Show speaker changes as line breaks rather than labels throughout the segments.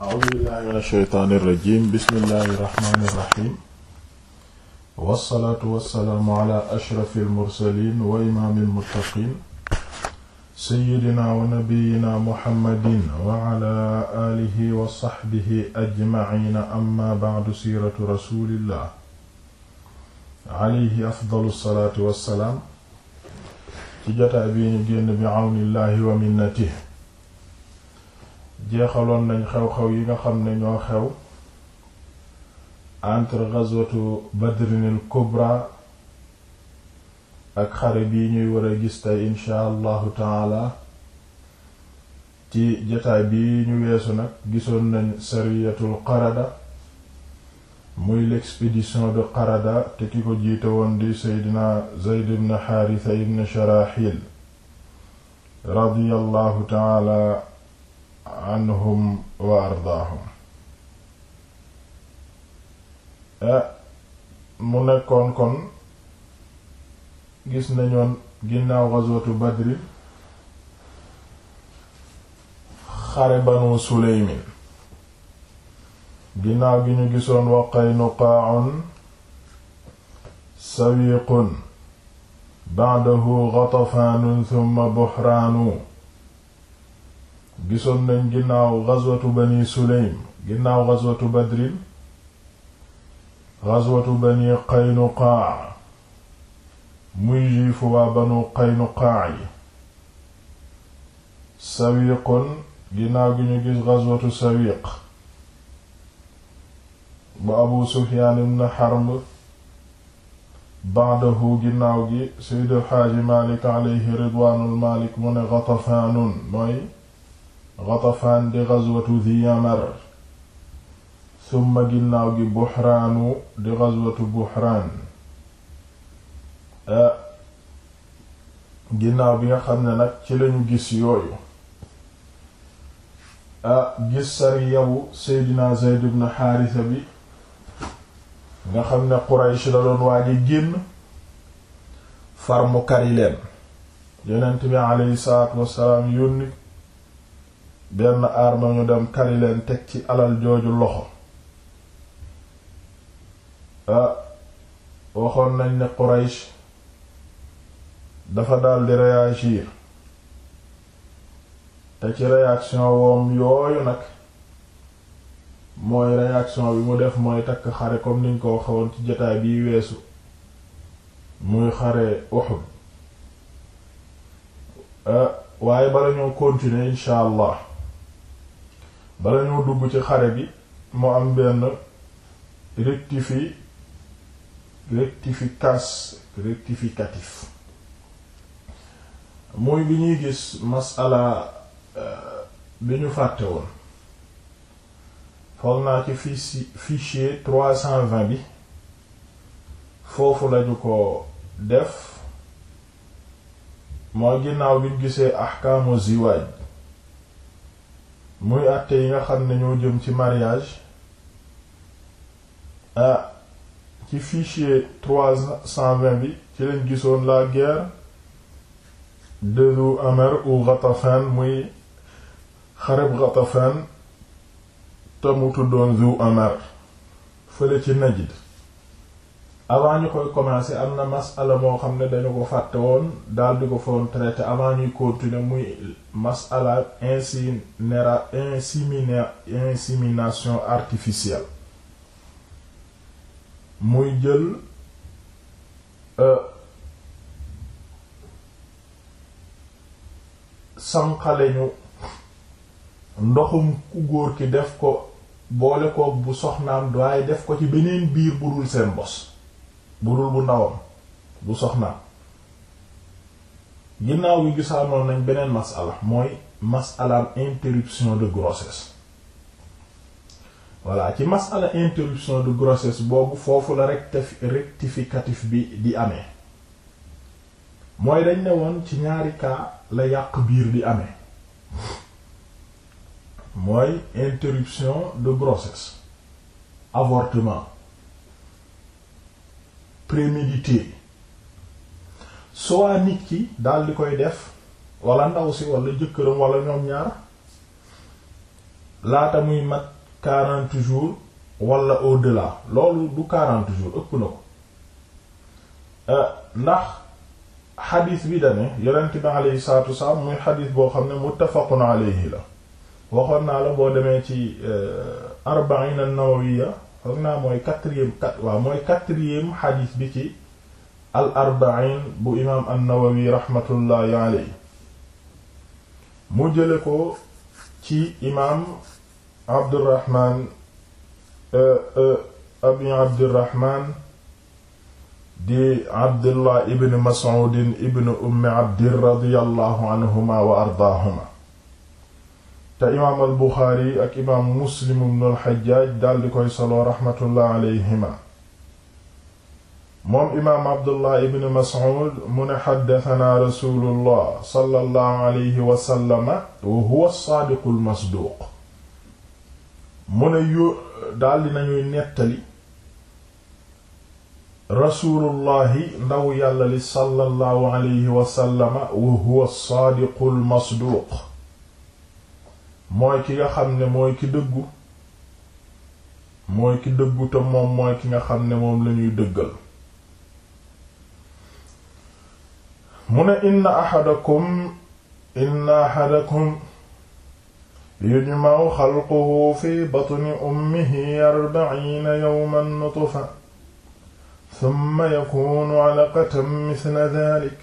a'uuzu billahi min ash-shaytaani rajiim bismillahi rahmaani rahiim wassalaatu wassalaamu ala ashrafil mursaliin wa imaamil muttaqiin sayyidinaa wa nabiyyinaa muhammadin wa ala aalihi wa sahbihi ajma'iina amma ba'du siiratu rasuulillah alayhi afdalu salaatu wassalaam ci jotaay bi ñu génn bi awnillahi wa minnatihi jeexaloon nañ xew-xew yi nga xam ne ñoo xew entre ghazwatu badrinil kubra ak xare bi ñuy war a gis tey insha allahu taala ci jataay bi ñu weesu nag gisoon nañ sariyatul qarada muy l'expédition de qarada te ki ko jiite woon di seydina zayd ibn xaarisa ibn sharaxil taala anhum wa ardaahum eh, mu nekkoon kon gis nañoon ginnaaw ghazwatu badri xare banu suleymin ginnaaw gi ñu gisoon wa qaynuqaa'un sawiqun ba'dahu ghatafaanun thumma buhraanu gisoon nañ ginnaaw ghazwatu bani sulaym ginnaaw ghazwatu badrin ghazwatu bani qaynuqaa muy juifu waa banu qaynuqaa yi ginnaaw gi ñu gis ghazwatu sawiq bu abu sufyaan ibn harb baadahu ginnaaw gi seydu xaaji malik alayhi ridwaanul malik mu ne gatafaanun mooy Ghatafaan di ginnaaw gi Buhraanu di ghazwatu Buhraan ginnaaw bi nga xam ne nag ci lañu gis yooyu ah gis bi nga xam ne Quraysh la doon waaje génn far mu kari leen yonent bi aleyhi salaatu wassalaam yónni benn arme ñu dem kari leen teg ci alal jooju loxo ah waxoon nañ ne Quraysh dafa daldi réagir te ci réaction woom yooyu nag mooy réaction bi mu def mooy takk xare comme niñ ko waxoon ci jotaay biy weesu muy xare Uhud ah, waaye bala ñoo continuer incha bala ñoo dugg ci xare bi mu am benn rectifi rectificace rectificatif mooy bi ñuy gis masalaa euh, bi ñu fàtte woon foog naa ci fichier trois cent vingt bi foofu lañu ko def moo ginnaaw bi ñu gisee ahkaamu ziwaaj muy àtte yi nga xam ne ñoo jëm ci mariage ah ci fichier trois cent vingt bi ci lañ gisoon la guerre de Dhu Amer ou Ghatafan muy xareb Ghatafan te mu tuddoon Dhu fële ci Najd avant ñu koy commencer am na masala moo xam ne dañu ko fàtte woon dal di ko foon traité avant ñuy continuer muy masala incinéra insémina insémination artificielle muy jël euh, sanqale ñu ndoxum ku góor ki def ko boole koog bu soxnaam waaye def ko ci beneen biir bu dul seen bos bu dul bu ndawam bu soxna ginnaaw gi gisaanoon nañ beneen masala mooy masalaam interruption de grossesse voilà ci masala interruption de grossesse boobu foofu la rectificatif bi di amee mooy dañ ne woon ci ñaari cas la yàq biir di amee mooy interruption de grossesse avortement prémédité soit nit ki daal di koy def wala ndaw si wala jëkkëram wala ñoom ñaar laata muy mat quarante jours wala au-delà loolu du quarante jours ëpp na ko euh, ndax xadis bi dane yonent bi aleyhi salatu wasalaam muy xadis boo xam ne muttafaqun alayhi la waxoon naa la boo demee ci euh, arbaina an-nawawiyya foog naa mooy quatrième quatre waaw mooy quatrième xadiis bi ci al arbain bu imaam an-Nawawi raxmatullaahi alayhi mu jële ko ci imaam Abdurraxmaan euh, euh, abi Abdurraxmaan di Abdullah ibn Mas'ud ibn Ummi Abd radiyallahu anhuma wa ardaahuma te imaam al buxaari ak imaam muslim ibn al daldi koy solo raxmatullah alayhima moom imaam abdullah ibn mas'ud mu ne xaddatanaa rasulullah sallallahu alayhi wa wa huwa saadiqu al mu ne daldi nañuy nettali rasulullahi ndaw yàlla li sallallahu alayhi wa wa huwa saadiqu al mooy ki nga xam ne mooy ki dëggu mooy ki dëggu te moom mooy ki nga xam ne moom lañuy dëggal mu ne inna ahadakum inna ahadakum yujma'u xalquhu fi batni ummihi arba'iina yawman nutfa summa yakunu alaqatan misla dhalik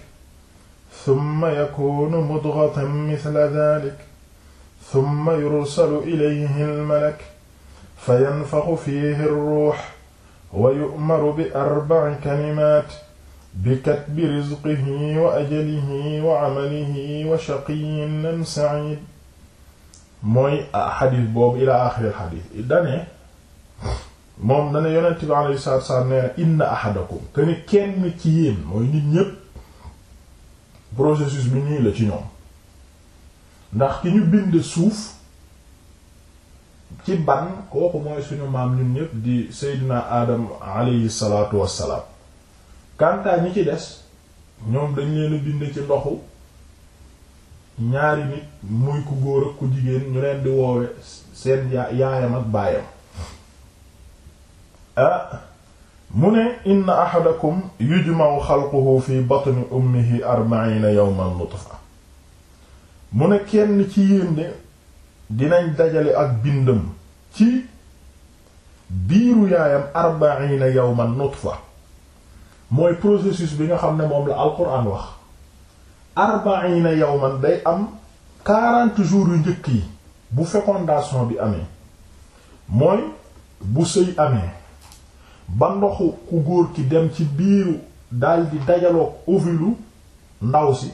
summa yakunu mudghatan misla dhalik ثم يرسل إليه الملك فينفخ فيه الروح ويؤمر بأربع كلمات بكتب رزقه وأجله وعمله وشقي أم سعيد mooy xadis boobu ilaa axiril xadis dane moom dane yonent bi alayhi salaatu wassalaam nee na inna ahadakum kenn ci yéen mooy nit ñépp processus bi nii la ci ñoom ndax ki ñu bind suuf ci ban kooku mooy suñu maam ñun ñépp di seydina adam alayhi salaatu wassalaam kantaa ñi ci des ñoom dañ leen bind ci ndoxu ñaari nit muy ku góor ak ku jigéen ñu leen di woowe seen yaayam ak baayam ah, mu ne inna ahadakum yujma'u xalquhu fi batni ummihi arba'ina yawman nutfa mu ne kenn ci yéen de dinañ dajale ak bindam ci biiru yaayam arbaina yawman nutfa mooy processus bi nga xam ne moom la alquran wax na arbaina yawman day am quarante jours yu njëkk yi bu fécondation bi amee mooy bu sëy amee ba ndoxu ku góor ki dem ci biiru daldi dajaloo ovilu ndaw si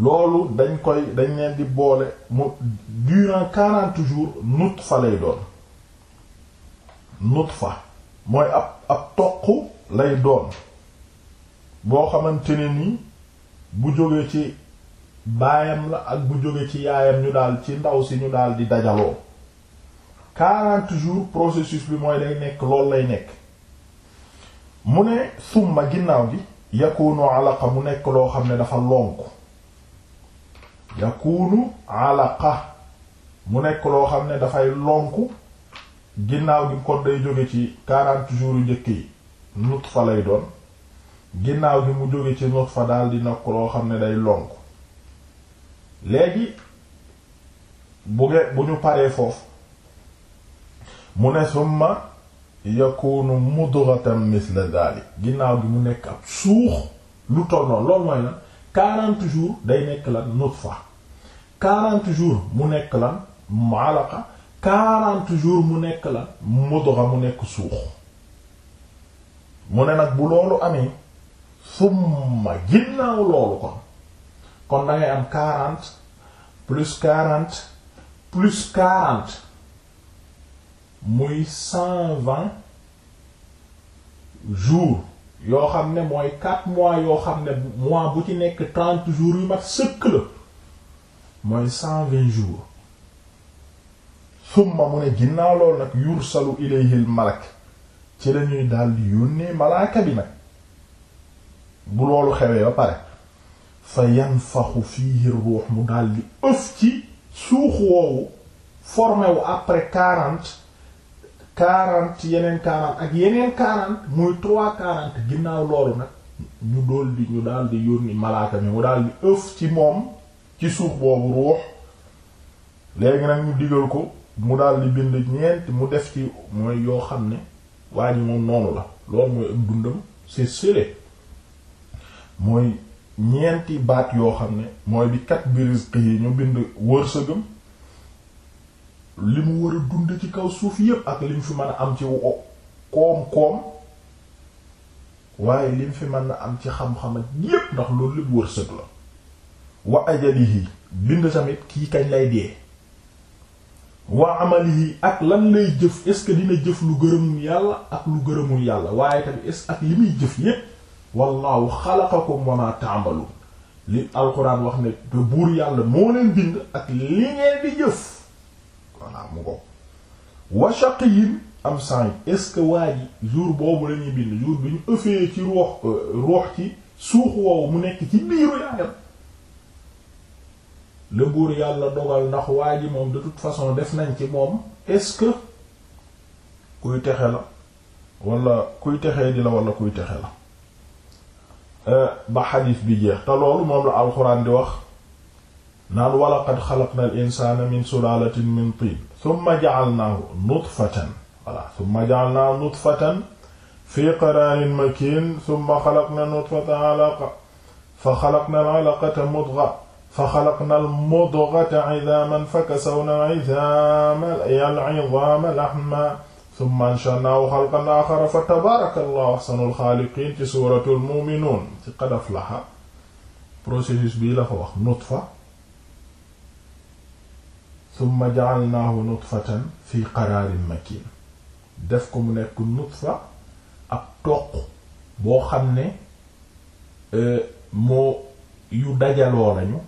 loolu dañ koy dañ leen di boole mu durant quarante jours nutfa lay doon nutfa mooy ab ab toq lay doon boo xamante ne ni bu jóge ci baayam la ak bu jóge ci yaayam ñu daal ci ndaw si ñu daal di dajaloo quarante jours processus bi mooy day nekk loolu lay nekk mu ne summa ginnaaw gi yakunu alaqa mu nekk loo xam ne dafa lonku yakunu alaqa mu nekk loo xam ne dafay lonku ginnaaw gi kon day jóge ci quarante jours yu njëkk yi nutfa lay doon ginnaaw gi mu jóge ci fa daal di nekk loo xam ne day lonku léegi bu ngeen bu ñu paree foofu mu ne summa yakunu mudratan misla dalik ginnaaw gi mu nekk ab suux lu toll noonu loolu mooy lan quarante jours day nekk lan nutfa quarante jours mu nekk lan malaqa quarante jours mu nekk lan mudgha mu nekk suux mu ne nag bu loolu amee summa ginnaaw loolu kon kon da am quarante plus quarante plus quarante muy cent vingt jours yoo xam ne mooy quatre mois yoo xam ne mois bu ci nekk trente jours yu mat sëkk la mooy cent vingt jours summa mu ne ginnaaw lool nag yursalu ilayhil malak ci lañuy daldi yónnee malaaka bi nag bu loolu xewee ba pare fa yanfaxu fiihi ruux mu daldi ëf ci suux woowu formé wu après quarante quarante yeneen quarante ak yeneen quarante muy trois quarante ginnaaw loolu nag ñu dool di ñu daldi yónni malaaka mi mu daldi ëf ci moom ci suuf boobu ruux léegi nag ñu digal ko mu daal di bind ñeent mu def ci mooy yoo xam ne waa ji noonu la loolu mooy ak dundam c'est serré mooy ñeenti baat yoo xam ne mooy bi kat biris yi ñu bind wërsëgam li mu war a dund ci kaw suuf yépp ak li mu fi mën a am ci koom-koom waaye li mu fi mën a am ci xam-xam ak yépp ndax loolu lépp wërsëg la wa ajalihi bind tamit kii kañ lay dee wa amalihi ak lan lay jëf est ce que dina jëf lu gërëmul yàlla ak lu gërëmul yàlla waaye tamit est ak li muy jëf yépp wallahu xalaqakum wa ma ta'malun li alquran wax ne te buur yàlla moo leen bind ak li ngeen di jëf voilà mu ko wa shaqiyin am sa'id est ce que waa ji jour boobu la ñuy bind jour bi ñu ëffee ci ruux euh, ruux ci suux woowu mu nekk ci biiru yaayam le buur yàlla dogal ndax waa ji moom de toute façon def nañ ci moom est-ce que kuy texe la wala kuy texee di la wala kuy texe la euh, ba xadiis bi jeex te loolu moom la alxuraan di wax naan walaqad xalaqna al insana min sulalatin min tin thumma ja'alnahu nutfatan voilà thumma ja'alnahu nutfatan fi qararin makin thumma xalaqna nutfatan alaqa fa xalaqna al alaqata mudgha fa xalaqna almudghata idaaman fa kasawna al-idaama lahman thumma anshanaahu xalqan aaxara fa tabaaraka allahu ahsanul xaaliqiin ci suuratul mu'minuun ci qad aflaha processus bii la fa wax nutfa thumma ja'alnaahu nutfatan fi qaraarin makiin def ko mu nekk nutfa ab toq boo xam ne euh, moo yu dajaloo lañu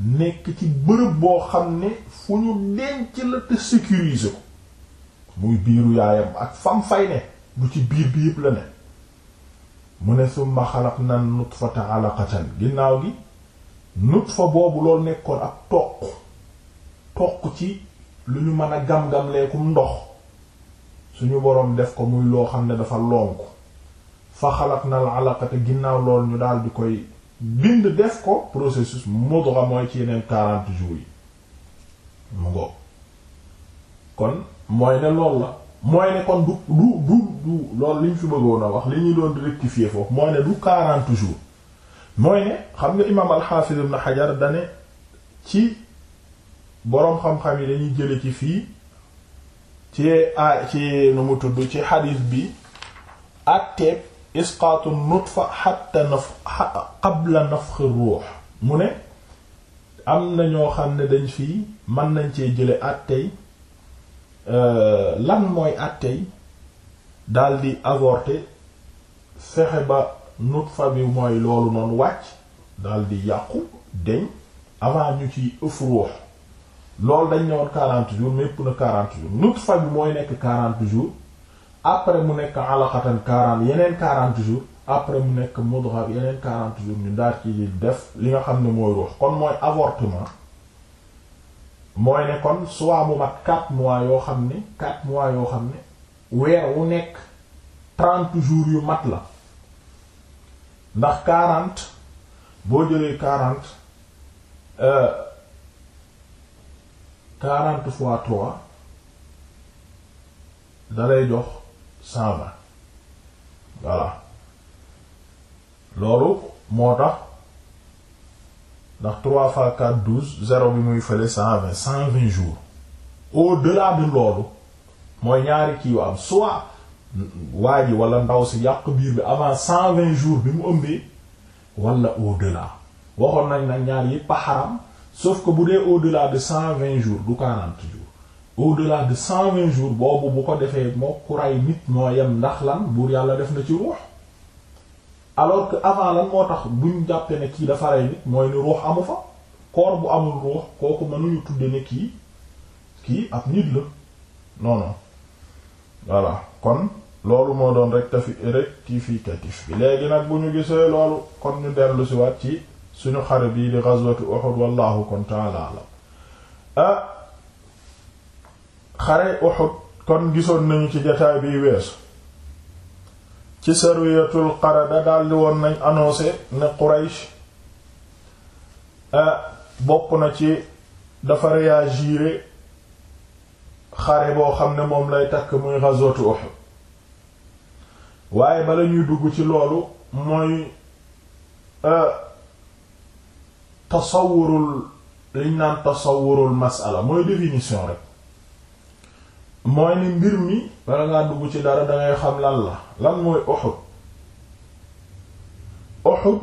nekk ci bërëb boo xam ne fu ñu denc la te sécuriser ko muy biiru yaayam ak fam fay ne du ci biir bi yëpp la ne mu ne summa xalaqna nutfata alaqatan ginnaaw gi nutfa boobu loolu nekkoon ak toq toq ci lu ñu mën a gam-gam leekum ndox suñu boroom def ko muy loo xam ne dafa lonk fa xalaqna al alaqata ginnaaw lool ñu daal di koy bind def ko processus mudra mooy ci yeneen quarante jours yi mu ngoog kon mooy ne loolu la mooy ne kon du du du du loolu liñ fi bëggoon a wax li ñuy doon rectifier foofu mooy ne du quarante jours mooy ne xam nga imaam al-Hafiz ibn dane ci boroom xam-xam yi dañuy jële ci fii ci a ci nu mu tudd ci hadith bi ak teeb isqaatu nutfa hatta naf qabla nafxi ruux mu ne am na ñoo xam ne dañ fii mën nañ cee jële àttey euh, lan mooy dal di avorter fexe ba fa bi mooy loolu noonu wàcc dal di yàqu deñ avant ñu ci ëf ruux loolu dañ ne woon quarante jours mais ëpp na quarante jours nutfa bi mooy nekk quarante jours après mu nekk alaqatan quarante yeneen quarante jours après mu nekk mudghah yeneen quarante jours ñu daar ci def li nga xam ne mooy ruux kon mooy avortement mooy ne kon soit mu mat quatre mois yoo xam ne quatre mois yoo xam ne weer wu nekk trente jours yu mat la ndax quarante boo jëlee quarante euh, quarante fois trois da jox cent vingt voilà loolu moo tax ndax trois fois quatre douze zéro bi muy fële cent vingt cent vingt jours au-delà de loolu mooy ñaari kii yu am soit waa ji wala ndaw si yàq biir bi avant cent vingt jours bi mu ëmbee wala au-delà waxoon nañ nag ñaar yépp a xaram sauf que bu dee au-delà de cent vingt jours du quarante jours au-delà de cent vingt jours boobu bu ko defee moo ku ray nit ñoo yem ndax lan buur yàlla def na ci ruux alors que avant moo tax buñ jàppe ne kii dafa rey nit mooy ni ruux amu fa corps bu amul ruux kooku mënuñu tudde ne kii kii ab nit la noonu non voilà kon loolu moo doon rectifi rectificatif bi léegi nag bu ñu gisee loolu kon ñu dellu si ci suñu xare bii di ghazwatu Uhud wallahu kon ta'ala xare Uhud kon gisoon nañu ci jataay biy weesu ci sarwiyatul Qarada daldi woon nañ annoncé ne Quraysh eh, bokk na ci dafa réagir xare boo xam ne moom lay takk muy ghazwatu Uhud waaye bala ñuy dugg ci loolu mooy eh, tasawurul liñ naan tasawurul masala mooy définition rek mooy ni mbir mi bala ngaa dugg ci dara dangay xam lan la lan mooy Uhud Uhud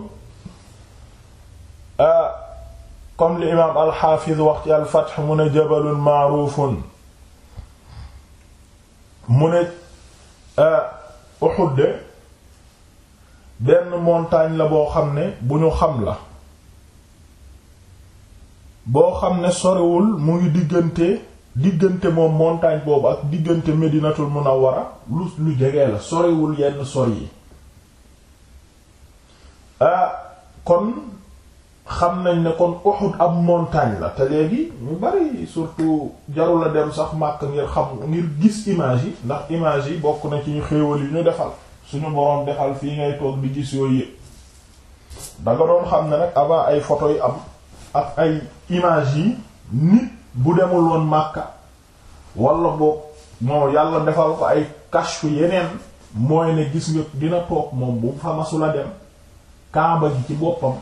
ah, comme li imaam alxaafiz wax ci alfatx mu ne jabalun maarufun mu ne ah, Uhud de benn montagne la boo xam ne bu ñu xam la boo xam ne sorewul mu ngi diggante diggante moom montagne boobu ak diggante Medinatul Munawwara lu lu jege la soriwul yenn sor yi ah kon xam nañ ne kon Uhud ab montagne la te léegi ñu bari surtout jarul a dem sax màkk ngir xam ngir gis image yi ndax image yi bokk na ci ñu xéewal yi ñu defal suñu boroom defal fii ngay toog di gis yooyu yëpp danga doon xam ne nag avant ay photo yu am ak ay image yi nit bu demul woon Makka wala boog moo yàlla defal ko ay kashfu yeneen mooy ne gis nga dina toog moom bu fa masula dem kaaba gi ci boppam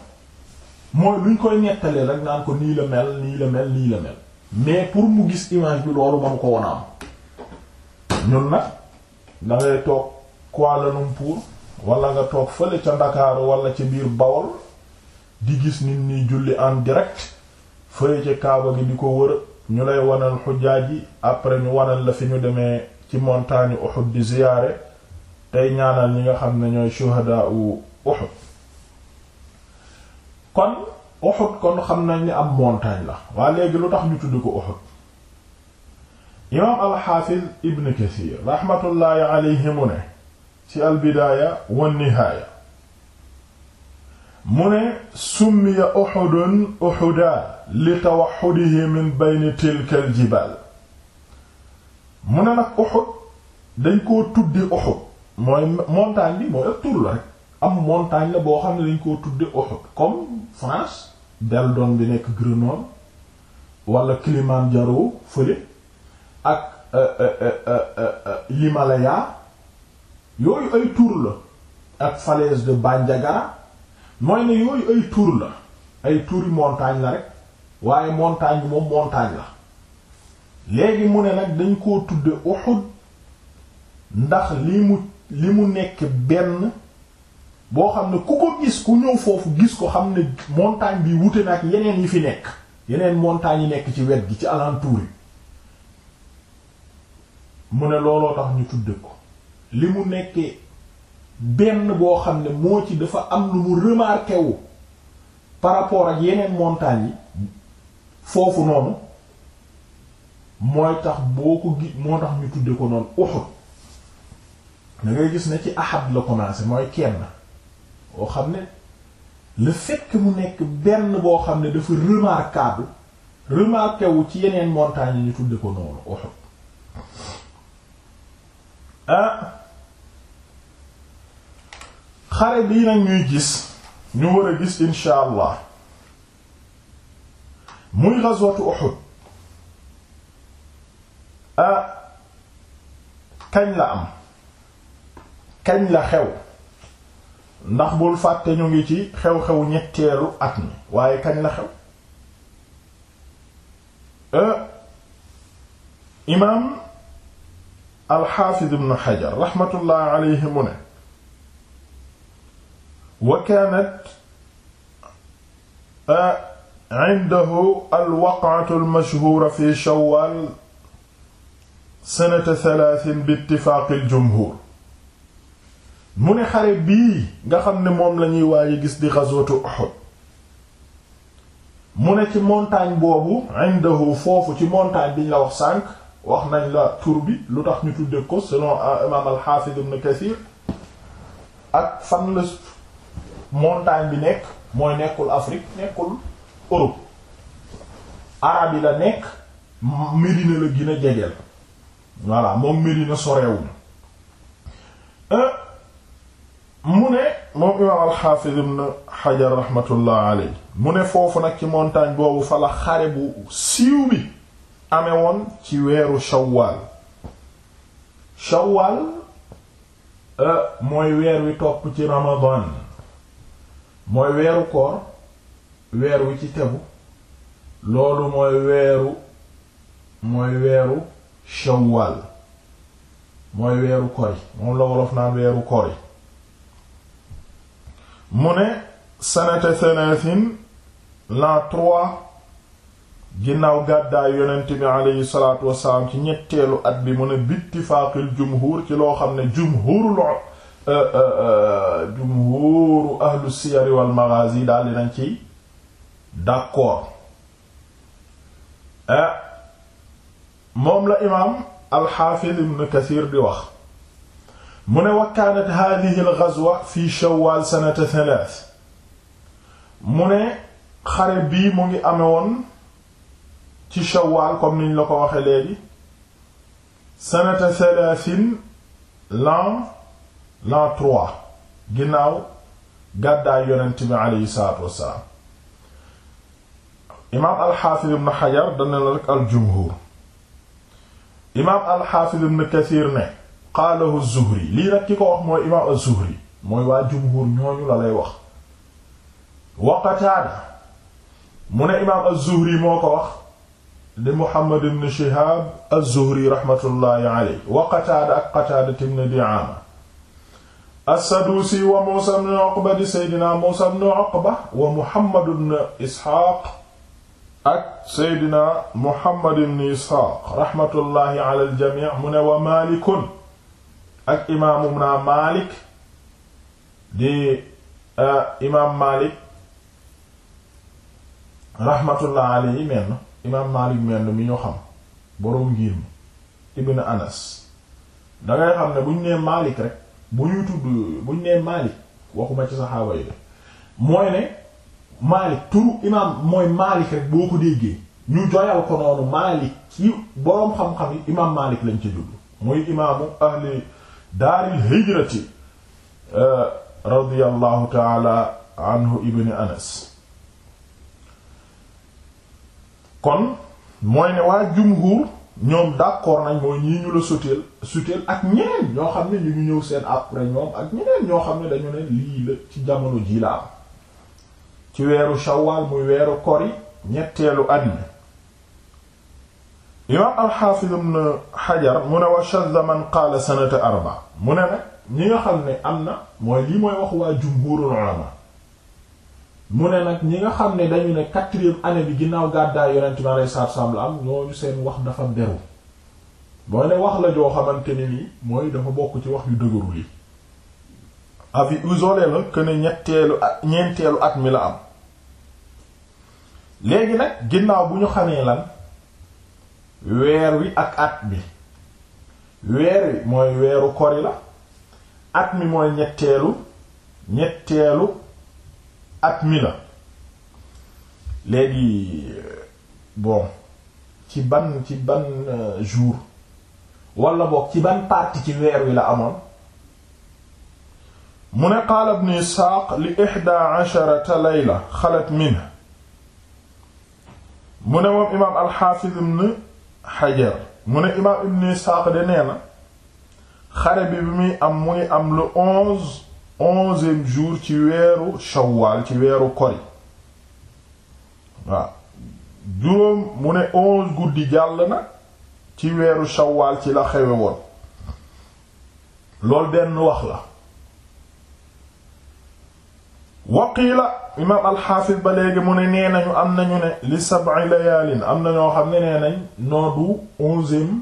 mooy luñ koy nettalee rek naan ko nii la mel nii la mel nii la mel mais pour mu gis image bi loolu manu ko wona am ñun nag da toog Kuala Lumpur wala nga toog fële ca Ndakaaru wala ca biir Bawol di gis nit ñi julli en direct fële ci kaaba gi di ko wër ñu lay wanal xujjaaj yi après ñu wanal la fi ñu demee ci montagne Uhud di ziyaare tey ñaanal ñi nga xam ne ñooy shuhadaa u Uhud kon Uhud kon xam nañ ni am montagne la waa léegi lu tax ñu tudd ko Uhud imaam alxaafiz ibn Kathir raxmatullaahi alayhi ne ci albidaaya wan nihaaya mu ne summiya uhudun uhuda li tawaxudihi min bayni tilka al mu ne nag uhud dañ koo tuddi uhud mooy montagne bi mooy ak tur la rek am montagne la boo xam ne dañ koo tuddi uhud comme France Verdun bi nekk Grenoble wala Kilimanjaro fële ak l'Himalaya euh, euh, euh, yooyu ay tur ak falaise de Bandiagara mooy ne yooyu ay tour la ay touri montagne la rek waaye montagne bi moom montagne la léegi mu ne nag dañ koo tudde Uhud ndax li mu li mu nekk benn boo xam ne ku ko gis ku ñëw foofu gis ko xam ne montagne bi wute na ak yeneen yi fi nekk yeneen montagne yi nekk ci wet gi ci alentour yi mu ne looloo tax ñu tudde ko li mu nekkee benn boo xam ne moo ci dafa am lu mu remarqué wu par rapport ak yeneen montagnes yi foofu noonu mooy tax boo ko gi moo tax ñu tudde ko noonu Uhud da gis ne ci ahad la commencé mooy kenn boo xam ne la fait mu nekk benn boo xam ne dafa remarquable remarqué wu ci yeneen montagnes yi ñu tudde ko noonu Uhud ah. xare bii nag ñuy gis ñu war a gis insha allah muy ghazwatu Uhud ah, kañ la am kañ la xew ndax bul fàtte ñu ngi ci xew-xew ñetteelu at mi waaye kañ la xew eh, imaam alxaafid ibn Hajar raxmatullahi alayhi mu ne wa kaanat indahu alwaqatu almashhuura fi shawwal sanata thalaatin bi ittifaaqi aljumhuur mu ne xare bi nga xam ne moom lañuy waaye gis di ghazwatu Uhud mu ne ci montagne boobu indahu foofu ci montagne biñ la wax sànq wax nañ la tur bi lu tax ñu tudde ko selon euh, imaam alxaafid ibn Kathir montagne bi nekk mooy nekkul Afrique nekkul Europe arab la nekk Médina la gën a jegeel voilà moom Médina sorewul euh, mu ne moom imaam alxaafiz ibn Hajar rahmatullah aley mu ne foofu nag ci montagne boobu fa la xare bu siiw bi amee ci weeru Shawwal Shawwal euh, mooy weer wi topp ci Ramadan mooy weeru koor weer wi ci tegu loolu mooy weeru mooy weeru shawwal mooy weeru kori moom la wolof naan weeru kori mu ne sanata thalathin l'an trois ginnaaw gàddaay yonent bi aleyhi salaatu wasalaam ci ñetteelu at bi mu ne bittifaaqil jumhur ci loo xam ne jumhurul Euh, euh, euh, jumhuuru ahlu siyar wal maghazi daal dinañ ci d'accord moom la imaam alxaafiz ibn kathir di wax mu ne wa kaanat haadihi al ghazwa fi shawwal sanata mu ne xare bii mu ngi amewoon ci shawwal comme niñ la ko waxe léegi sanata thalathin l'an l'an trois ginnaaw gàddaay yonent bi aleyhi salaatu wassalaam imaam alxaafiz ibn xajar dana la rek aljumhur imaam alxaafiz ibn kathir ne qaalahu zuhri lii nag ki ko wax mooy imaam az mooy waa jumhur ñooñu la lay wax wa qataada mu ne imaam az-zuhri moo ko wax di muhammad ibn shihaab az raxmatullaahi aleyhi wa qataada ak qataada ibn di'aama assaduusi wa muusa bnu uqba di seydina muusa bnu uqba wa muhammad bnu isxaaq ak seydina muhammad bnu isxaaq raxmatullaahi ala aljamic mu ne wa maalikun ak imaamu naa maalik di imaam maalik raxmatullaahi alayhi menn imaam maalik menn mi ñu xam boroom ngir mi ibn anas dangay xam ne buñ nee maalik rek bu ñuy tudd bu ñu nee Malik waxuma ci saxaaba yi mooy ne Malik turu imaam mooy Malik rek boo ko déggee ñu joyal ko noonu Malik ci boroom xam-xam yi imaam Malik lañ ci jublu muy imaamu ahli daaril hijrati euh, radiyallahu taala anhu ibn Anas kon mooy ne waa jumhur ñoom d'accord nañ mooy ñii ñu la suteel suteel ak ñeneen ñoo xam ne ñu ngi ñëw seen après ñoom ak ñeneen ñoo xam ne dañu ne lii la ci jamono jii la am ci weeru shawaal muy weeru kori ñetteelu at mi imaam alxaafiz ibn xajar mu ne wa shadda man qaala sanata arba mu ne nag ñi nga xam ne am na mooy lii mooy wax waa jumhurul ulama mu ne nag ñi nga xam ne dañu ne quatrième année bi ginnaaw gàddaay yonent mi alayhi salaatu salaam la am ñooñu seen wax dafa beru mooy ne wax la joo xamante ne nii mooy dafa bokk ci wax yu dëgëru yi avis isolé la que ne ñetteelu at ñeenteelu at mi la am léegi nag ginnaaw bu ñu xamee lan weer wi ak at bi weer wi mooy weeru kori la at mi mooy ñetteelu ñetteelu at mi la léegi euh, bon ci ban ci euh, jour wala boog ci ban partie ci weer wi la amoon mu ne qaala li ihdaa asharata layla xalat min mu moom imaam alxaafiz ibn Hajar mu ne ibn Isxaaq de nee na xare bi bi am muy am le onze onzième jour ci weeru shawwal ci weeru kori waaw juróom mu ne onze guddi jàll na ci weeru shawwal ci la xewe woon loolu benn wax la waqiila imaam alxaafis ba léegi mu ne nee nañu am nañu ne li sab'i layaalin am na ñoo xam ne nee nañ noodu onzième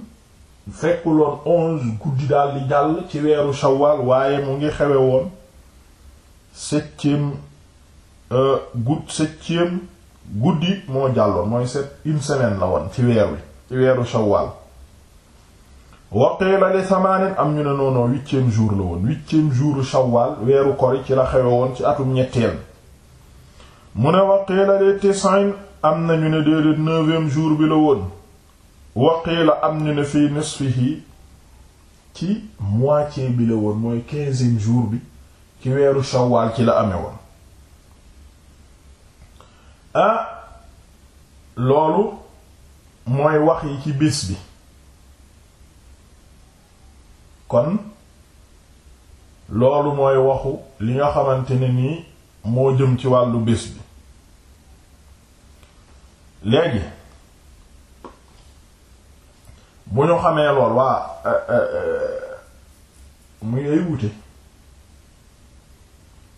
fekkuloon onze guddi daal di jàll ci weeru shawwal waaye mu ngi xewe woon Euh, septième guddi moo jàlloon mooy sept une semaine la woon ci weer wi ci weeru shawwal wa qiila li samaanin am ñu ne noonoo huitième jour la weeru kori ci la xewe woon ci atum ñetteel mu ne wa qiila li tis'in am na ñu ne déedéet neuvième jour woon wa qiila ci moitié bi la woon mooy jour bi ci weeru shawaal ci la amee ah, loolu mooy wax yi ci bis bi kon loolu mooy waxu li nga xamante ne nii moo jëm ci wàllu bis bi léegi bu ñu xamee lool waa eh, eh, eh, muy ay wute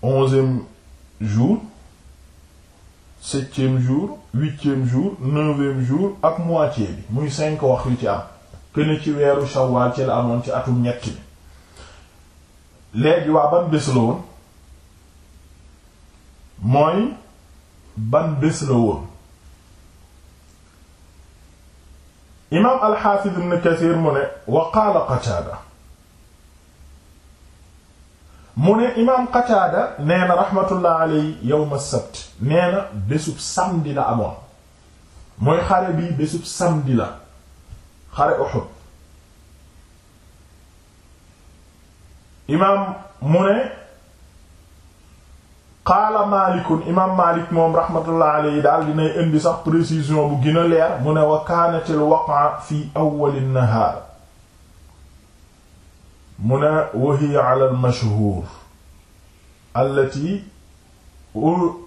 onzième jour septième jour huitième jour neuvième jour ak moitié bi muy cinq wax yu ci am këne ci weeru shawaal ci la amoon ci atum ñett bi léegi waa ban bés la woon mooy ban bés la woon imaam alxaafiz ibn kathir mu ne wa qaala mu ne imaam Qataada nee na rahmatullah aley yawma sabt nee na bésub samedi la amoon mooy xare bi bésub samedi la xare Uhud imaam mu ne qaala maalikun imaam Maalik moom rahmatullah aley daal dinay indi sax précision bu gën a leer mu ne wa kaanatil waqa fi awwalin nahaar mu ne wa hiya ala almashhur allati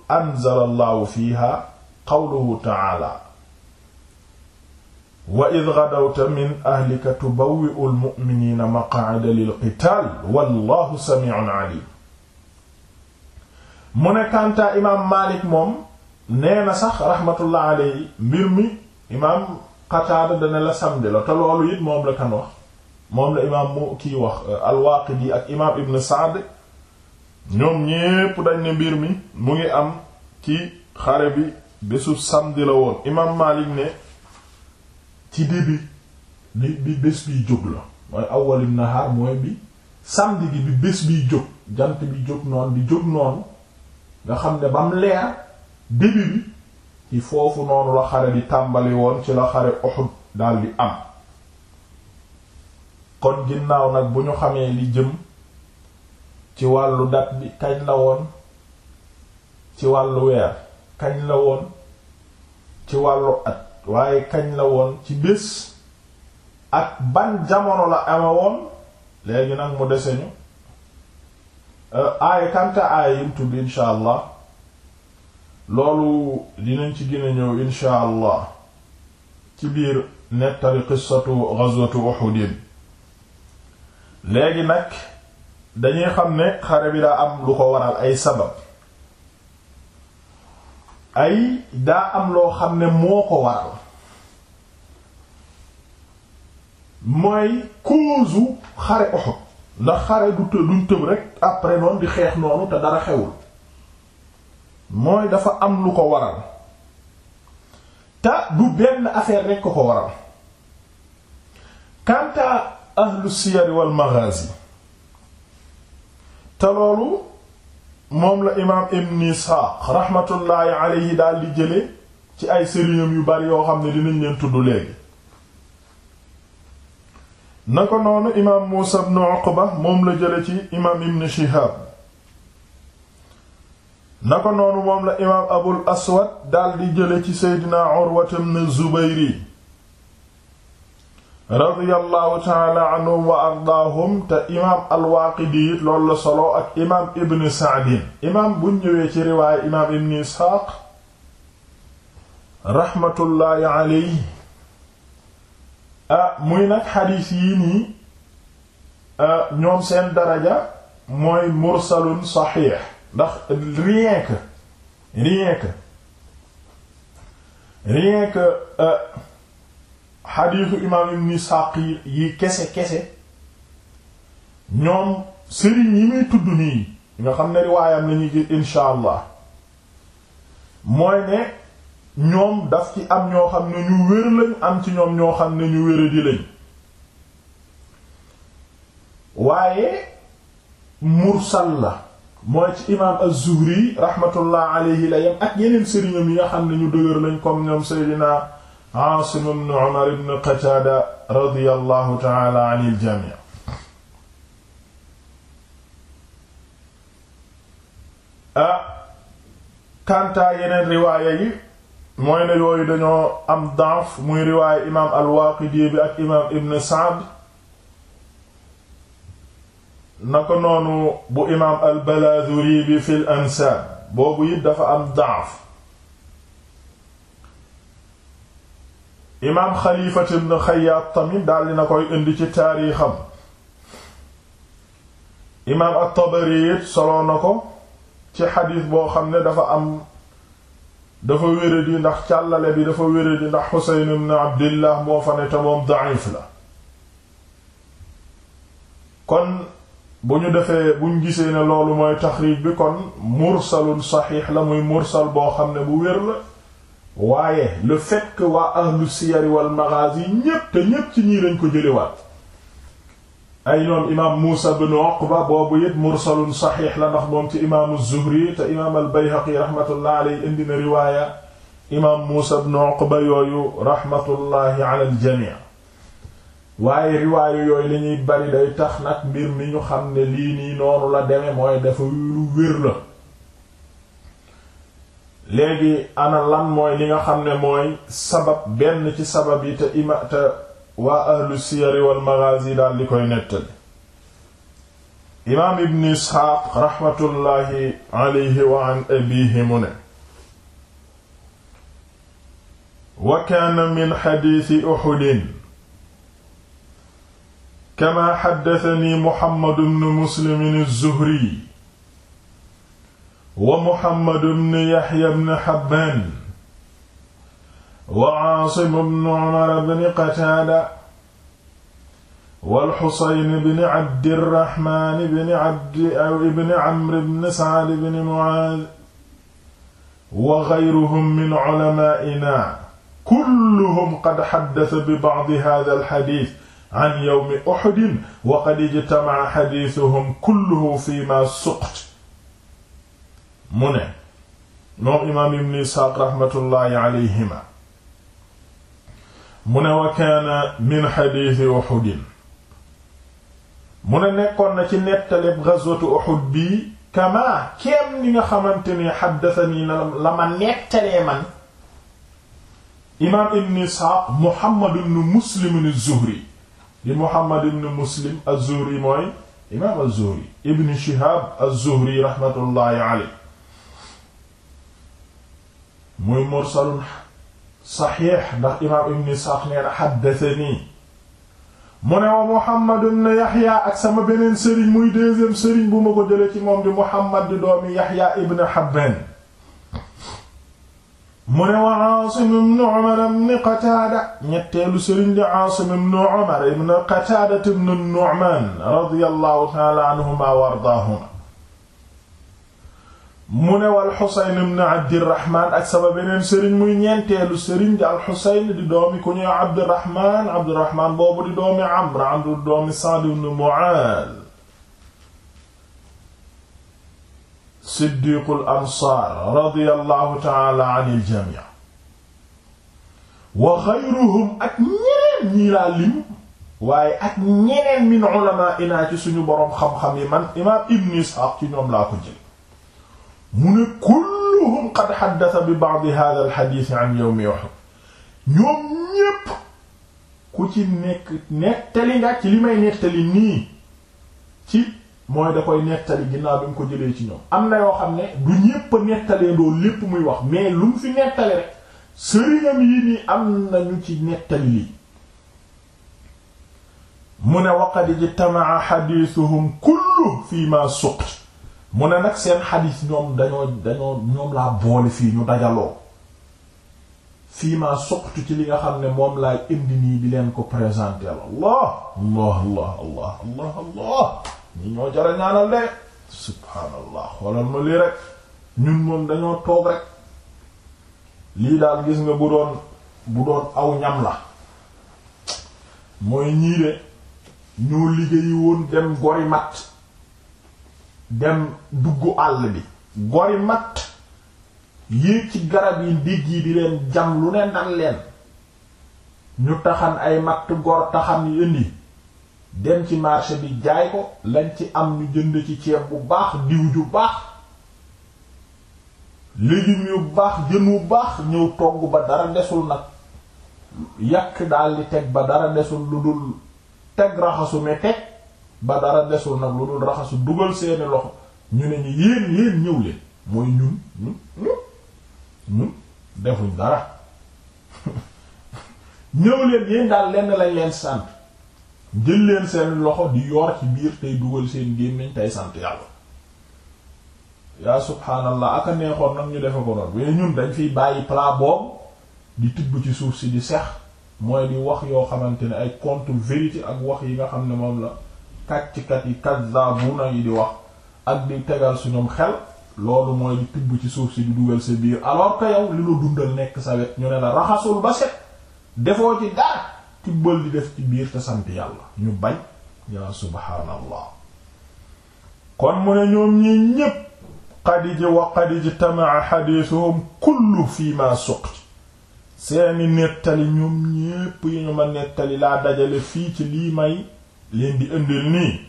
anzala allahu fiha qawluhu taala wa id gadawta min ahlika tubawwi'u almu'minina maq'ada lilqital wallahu sami'un alim mu ne kantaa imaam Maalik moom nee na sax rahmatullah alayhi mbir mi imaam Qataada dana la samdi la te loolu it moom la kan wax moom la imaam mu kii wax euh, al-Waaqidi ak imaam Ibn Saad ñoom ñépp dañ ne mbir mi mu ngi am ci xare bi bésu samedi la woon imaam Maalik ne ci début bi bi bés biy jóg la mooy awwalin nahaar mooy bi samedi bi bi bés biy jóg jant bi jóg noonu bi jóg noonu nga xam ne bam leer début bi ci foofu noonu la xare di tàmbali woon ci la xare Uhud daldi am kon ginnaaw nag bu ñu xamee li jëm ci wàllu date bi kañ la woon ci wàllu weer kañ la woon ci wàllu at waaye kañ la woon ci bés ak ban jamono la ama woon léegi nag mu dese ñu euh, aaya kanta aaya yim loolu dinañ ci gën a ñëw insha ci biir nettali qissatu ghazwatu uhud léegi nag dañuy xam ne xare bi daa am lu ko waral ay sabab ay daa am loo xam ne moo ko waral mooy cause xare Uhud ndax xare du të duñ tëb rek après noonu di xeex noonu te dara xewul mooy dafa am lu ko waral te du benn affaire rek ko ko waral quant ahlu siyar wal te loolu moom la imaam ibn isxaaq raxmatullaahi alayhi daal di jële ci ay sëriñam yu bari yoo xam ne dinañ leen tudd léegi na ko noonu imaam muusa ibn uqba moom la jële ci imaam ibn shihaab na ko noonu moom la imaam abul aswad daldi jële ci seydina urwat ibn zubayri radiyallahu taala anhum wa ardaahum te imaam al-Waaqidi it loolu la solo ak imaam ibn Sa'din imaam buñ ñëwee ci riwaaya imaam ibn Isxaaq raxmatullaahi alayhi ah muy nag xadiis yii nii ah, ñoom seen daraja mooy mursalun saxiix ndax rien que rien que rien que ah, xadiisu imaam ibn Isaaq yi kese kese ñoom sëriñ yi muy tudd nii nga xam ne riwaayam lañuy gis insha allah mooy ne ñoom daf ci am ñoo xam ne ñu wér lañ am ci ñoom ñoo xam ne ñu wéradi lañ waaye mursal la mooy ci imaam az-Zuhri rahmatullah la yam ak yeneen sëriñam yi nga xam ne ñu dëgër lañ comme ñoom Seydina Aasim ibn Umar ibn Qataada radiyallahu ta'ala anil jamii ah kantaa yeneen riwaaya yi mooy ne yooyu dañoo am danf muy riwaaya imaam al-Waaqidi bi ak imaam Ibn Sa'd naka noonu bu imaam al-Balaazuri bi fil ansaab boobu it dafa am danf imaam xalifat ibn xayaat tamit di na koy indi ci taariixam imaam at-Tabari it soloo na ko ci xadiis boo xam ne dafa am dafa wéradi ndax càllale bi dafa wéradi ndax Xuseyn ibn Abdillah moo fa ne te moom la kon bu ñu defee buñ gisee ne loolu mooy taxriij bi kon mursalun saxiix la muy mursal boo xam ne bu wér la waaye le fait que waa ahlu siyar wal maghazi ñépp te ñépp ci ñii lañ ko jëlewaat ay ñoom imaam Muusa ibn Uqba boobu it mursalun saxiix la ndax moom ci imaamu Zuhri te imaam al-Bayhaqi rahmatullah alayhi indi na riwaaya imaam Muusa ibn Uqba yooyu rahmatullahi ala al-jamii waaye riwaayu yooyu li ñuy bari day tax nag mbir mi ñu xam ne lii nii noonu la deme mooy dafa wér la léegi ana lan mooy li nga xam ne mooy sabab benn ci sabab yi te ima te waa ahlu siyari wal maghazi daal di koy nettali imaam ibn isxaaq raxmatullaahi alayhi wa an abihi wa kaana min xadiisi uxudin kama xaddasani muhammadu bnu muslimin az-zuhri wa Muhammad ibn Yahya ibn Habban wa Aasim ibn Umar ibn Qataada wal Xusayn ibn Abdirrahmaan ibn Abdi ibn Amr ibn Sa'd ibn Muaaz wa xayruhum min culamaa'inaa kulluhum qad xaddasa bi bacdi haadal xadiis can yawmi Uxud wa qad ijtamaca xadiisuhum kulluhu fiimaa suqit mu ne moom imaam ibn isxaaq raxmatullaahi alayhima mu ne wa kaana min xadiisi uxudin mu ne nekkoon na ci nettalib gazwatu uxud bii kama kenn ni nga xamante ni xaddasanii la ma nettalee man imaam ibn isxaaq muhammad ibn muslim az-zuhri di muhammad ibn muslim az-zuhri mooy imaam az-zuhri ibn shihaab az-zuhri raxmatullaahi alayhi muy mursalun saxiix ndax imaam ibn Isxaaq nee na xaddatanii mu ne wa Muhammad ibn Yaxya ak sama beneen sëriñ muy deuxième sëriñ bu ma ko jële ci moom di Muhammad di doomi Yaxya ibn Xabbaan mu ne wa Aasim ibn Umar ibn Qataada ñetteelu sëriñ di Aasim ibn Umar ibn Qataada ibn Nu'maan radiyallahu ta'ala anhumaa wa ardaahuma mu ne wal Xuseyn ibn Abdirahman ak sama beneen sëriñ muy ñeenteelu sëriñ di al Xuseyn di doomi ku ñuy Abdirahman Abdirahman boobu di doomi Amr Amr di doomi Sa'd ibn Mu'aaz siddiqul ansaar radiyallahu ta'ala anil jamii wa xayruhum ak ñeneen ñii laa lim waaye ak ñeneen min ulamaa'inaa ci suñu boroom xam-xam yi man imaam Ibn Isxaaq ci ñoom laa ko jël mu ne kulluhum qad xaddasa bi ba'di hadha al xadiis an yawmi ñoom ñépp ku ci nekk nettali nga ci li may nettali nii ci mooy da koy nettali ginnaaw bi mu ko jëlee ci ñoom am na yoo xam ne du ñépp a nettalee doolu lépp muy wax mais lu mu fi nettali rek sëriñam yi nii am na ñu ci nettali lii mu ne waqad ijtama'a xadiisuhum kullu fi ma suqt mu ne nag seen xadiis ñoom dañoo dañoo ñoom laa boole fii ñu dajaloo fii maa suqtu ci li nga xam ne moom laay indi nii di leen ko présenter allah allah allah allah allah allah ñoo jara ñaanal de subhaanallah xoolal ma lii rek ñun moom dañoo toog rek lii daal gis nga bu doon bu doon aw ñam la mooy ñii de ñoo liggéeyi woon dem gori dem duggu àll bi gori matt yéeg ci garab yi ndigg yi di leen jam lu ne nan leen ñu taxan ay matt gor taxan yi indi dem ci marché bi jaay ko lañ ci am ñu jënd ci ceeb bu baax diw ju baax légumes yu baax jën wu baax ñëw togg ba dara desul nag yàq daal di teg ba dara desul lu dul teg raxasu me ba dara desul nag lu dul raxasu dugal seeni loxo ñu ne ñu yéen yéen ñëw leen mooy ñun ñun defuñ dara ñëw leen yéen daal lenn lañ leen sant jël leen seen loxo di yor ci biir tey dugal seen gémmiñ tey sant yàlla yaa subhaanallah aka neexoon nag ñu defe ko noonu mais ñun dañ fiy bàyyi plat boobu di tibb ci suuf si di sex mooy di wax yoo xamante ne ay contre vérité ak wax yi nga xam ne moom la kàccikat yi kazzabuna yi di wax ak di tegal suñum xel loolu mooy di tibb ci suuf si di dugal sa biir alors que yow li la dundal nekk sa wet ñu ne la raxasul ba set defoo ci dara tibbal di def ci biir te sant yàlla ñu bañ yaa subhaanallah kon mu ne ñoom ñi ñépp xadiji wa xadiji tamaa xadiisuhum kullu fii ma suqti seeni nettali ñoom ñépp yi ñu ma nettali laa dajale fii ci lii may leen di indil nii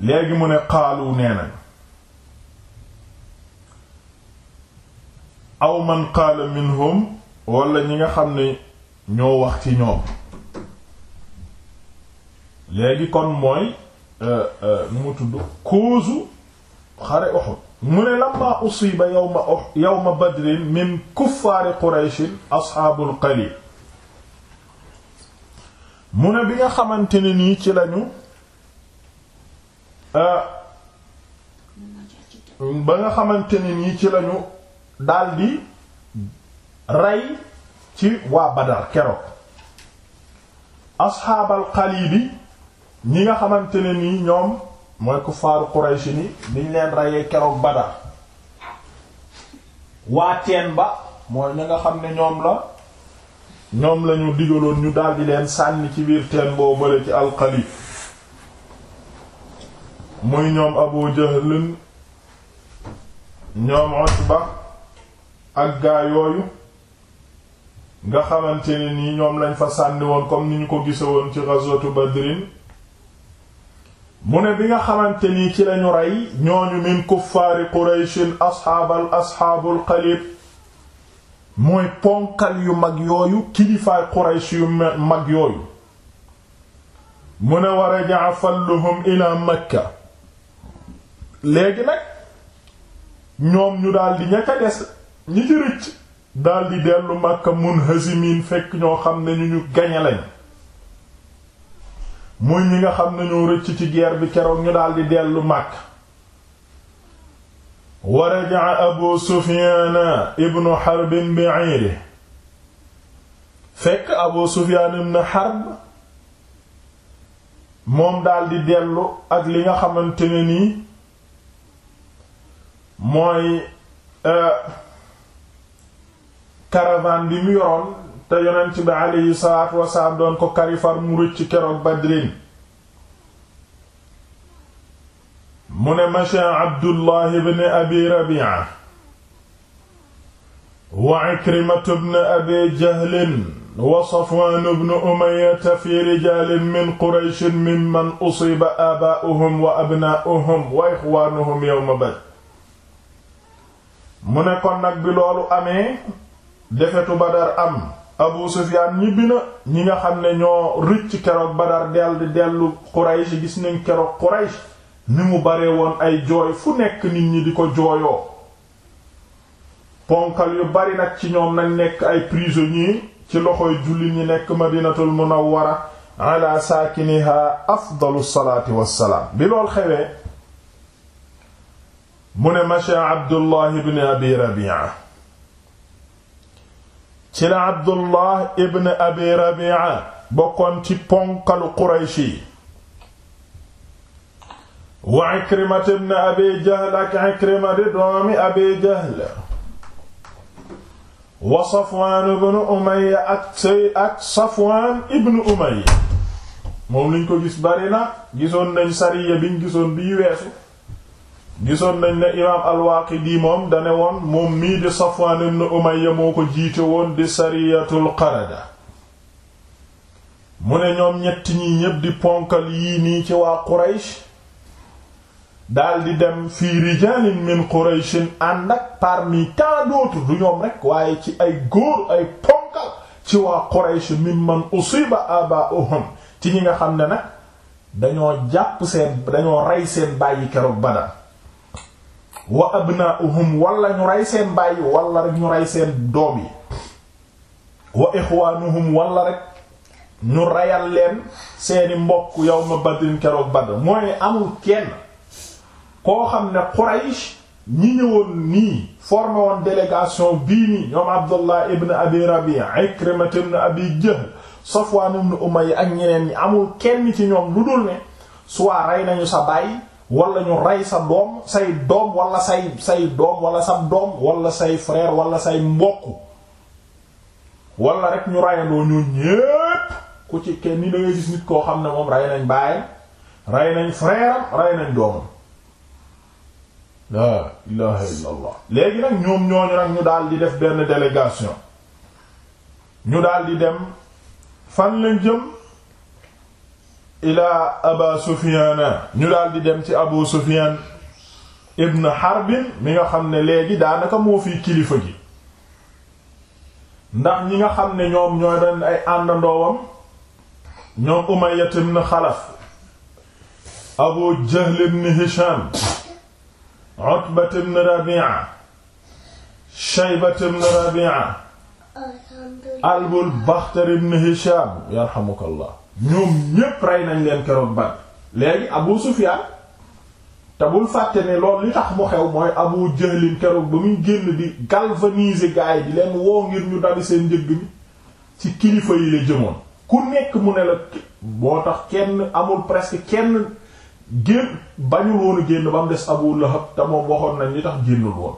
léegi mu ne xaalu nee nañ aw man qaala minhum wala ñi nga xam ne ñoo wax ci ñoom léegi kon mooy euh, euh, mu tudd koosu xare Uhud mu ne lamma usiba yawma Uhud yawma badrin min kuffaari qurayshin ashaabul qalil mu bi nga xamante ne nii ci lañu euh, ba nga xamante ne nii ci lañu daldi rey ci waa Badar keroog asxaabal xaliili ñi nga xamante ne nii ñoom mooy kuffaaru Quraysh ni niñ leen reyee keroog Badar waa teen ba mooy ñi nga xam ne ñoom la ñoom lañu digaloon ñu daldi leen sànni ci biir teen boo bële ci alqali muy ñoom abu jahlin ñoom utba ak gaa yooyu nga xamante ni nii ñoom lañ fa sànni woon comme ni ñu ko gise woon ci ghazwatu badrin mu ne bi nga xamante nii ci lañu rey ñooñu min kuffaari qurayshin asxaabal asxaabul qalib mooy ponkal yu mag yooyu kilifaay Quraysh yu mag yooyu mu ne lu raja'a falluhum ila Makka léegi nag ñoom ñu daldi ña ca des ñi ci rëcc daldi dellu Makka munhazimiin fekk ñoo xam ne ñu ñu gañe lañ muy ñi nga xam ne ñoo ci guerre bi keroog ñu daldi dellu Makka wa rajaca abu sufiana ibnu xarbin baciiri fekk abu sufiaan ibnu xarb moom daldi dellu ak li nga xamante ne nii mooy euh, caravane bi mu yoroon te yonent bi aleyhi salaatu wasalaam doon ko karifar mu rëcc keroog badrin mu ne masha abdullah ibn abi rabi'a wa ikrimatu ibn abi jahlin wa safwaan ibn umayyata fi rijaalin min qurayshin mimman usiba aabaa'uhum wa abnaa'uhum wa ixwaanuhum yawma badr mu ne kon nag bi loolu amee defetu badar am abu sufyaan ñibbi na ñi nga xam ne ñoo rëcc keroog badar deldi dellu quraysh gis nañ keroog quraysh mi mu bare woon ay jooy fu nekk nit ñi di ko jooyoo ponkal yu bari nag ci ñoom nag nekk ay prisonniers ci loxoy jullit ñi nekk madinatul munawwara ala saakiniha afdalu salaati wassalaam bi lool xewee mu ne masha abdullah ibn abi rabi'a ci la abdullah ibn abi rabi'a bokkoon ci ponkalu qurayshi wa Ikrimata ibn Abi Jahl Safwaan ibn Umayya ak say ak Safwaan ibn Umayya moom liñ ko gis bari na gisoon nañ sariya biñ gisoon bii weesu gisoon nañ ne imaam al-Waaqidi moom dane woon moom mii di Safwaan ibn Umayya moo ko jiite woon di sariyatul Qarada mu ne ñoom ñett ñi ñépp di ponkal yii nii ci waa Quraysh daal di dem fii rijalin min qurayshin ànd ak parmi tant du ñoom rek waaye ci ay góor ay ponkal ci waa quraysh ba usiba aba'uhum ci ñi nga xam ne nag dañoo jàpp seen dañoo rey seen bàyyi keroog Badar wa abna'uhum wala ñu rey seen bàyyi wala rek ñu rey seen doom yi wa ixwaanuhum wala rek ñu reyal leen seeni mbokk yawma badrin keroog Badr mooy amul kenn koo xam ne Quraysh ñi ñëwoon nii formé woon délégation bii nii ñoom Abdullah ibn Abi Rabi'a Ikrima ibn Abi Jahl Safwan ibn Umayya ak ñeneen ñi amul kenn ci ñoom lu dul ne soit rey nañu sa baay wala ñu rey sa doom say doom walla say say doom wala sa doom walla say frère wala say mbokk wala rek ñu reyandoo ñoo ñépp ku ci kenn ni da ngay nit koo xam ne moom rey nañ baay rey nañ frère rey nañ doomam laa ilaha illa allah léegi nag ñoom ñooñu nag ñu daal di def benn délégation ñu daldi dem fan lañ jëm ilaa aba sufiana ñu daal di dem ci abu sufian ibn harbin mi nga xam ne léegi daanaka moo fi kilifa gi ndax ñi nga xam ne ñoom ñooy doon ay àndandoowam ñoom umayyah xalaf abu jahl hisham Utbata ibn Rabi'a Shaybata ibn Rabi'a al-Bakhtari ibn Hisham yarhamukallah ñoom ñépp rey nañ leen keroog Badr léegi Abu Sufyan te bul fàtte ne loolu li tax mu xew mooy Abu Jahlin keroog ba muy génn di galvaniser gars yi di leen woo ngir ñu dabi seen njëgg mi ci kilifa yi la jëmoon ku nekk mu ne la boo tax kenn amul presque kenn génn bañul woon génn ba mu des Abu Lahab te moom waxoon nañ li tax génnul woon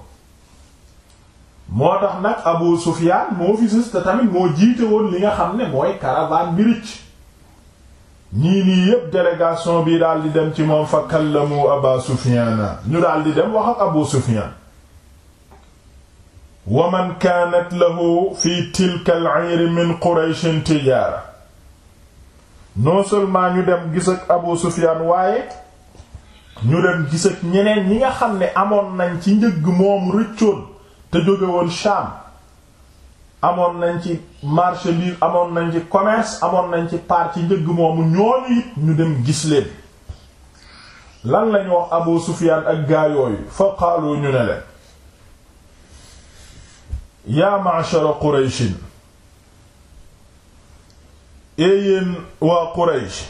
moo tax nag Abu Sufyaan moo fi sës te tamit moo jiite woon li nga xam ne mooy caravane bi ricc ñii nii yépp délégation bi daal di dem ci moom fa kallamu Aba Sufyaana ñu daal di dem wax ak Abu Sufyaan wa kaanat lahu fi tilka al min Quraysh tijaara non seulement ñu dem gis ak Abu Sufyaan waaye ñu dem gis ak ñeneen ñi nga xam ne amoon nañ ci njëg moom rëccoon te jógewoon woon Sham amoon nañ ci marché libre amoon nañ ci commerce amoon nañ ci part ci njëgg moomu ñooñu it ñu dem gis leen lan lañu wax Abu Sufyaan ak gaayooyu fa qaalu ñu ne leen yaa ma'shara Qurayshin ee waa Quraysh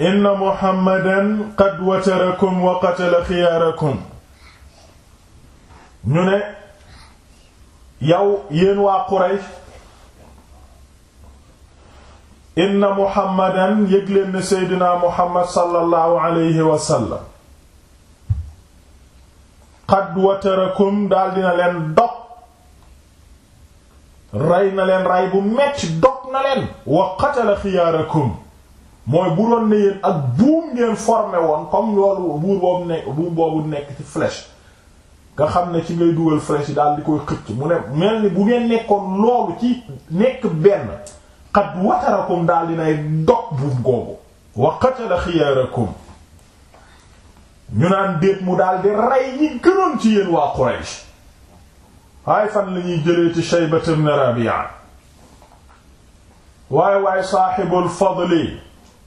inna muhammadan qad watarakum wa qatala xiyaarakum ñu ne yow waa Quraysh inna muhammadan yëg leen seydina muhammad sallallahu alayhi wa sallam qad watarakum daal dina leen dog rey na leen rey bu metti na leen wa qatala xiyaarakum mooy bu doon ne yéen ak buum ngeen formé woon comme loolu buum boobu nekk ci flèche nga xam ne ci ngay dugal flèche daal di koy xëcc mu ne mel ni bu ngeen nekkoon loolu ci nekk benn xat watarakum daal di nay dog buum googu wa qatala xiyarakum ñu naan déet mu daal di rey ñi gënoon ci yéen waa Quraysh waaye fan la ñuy jëlee ci Shaybat ibn Rabi'a waaye waaye saaxibul fadli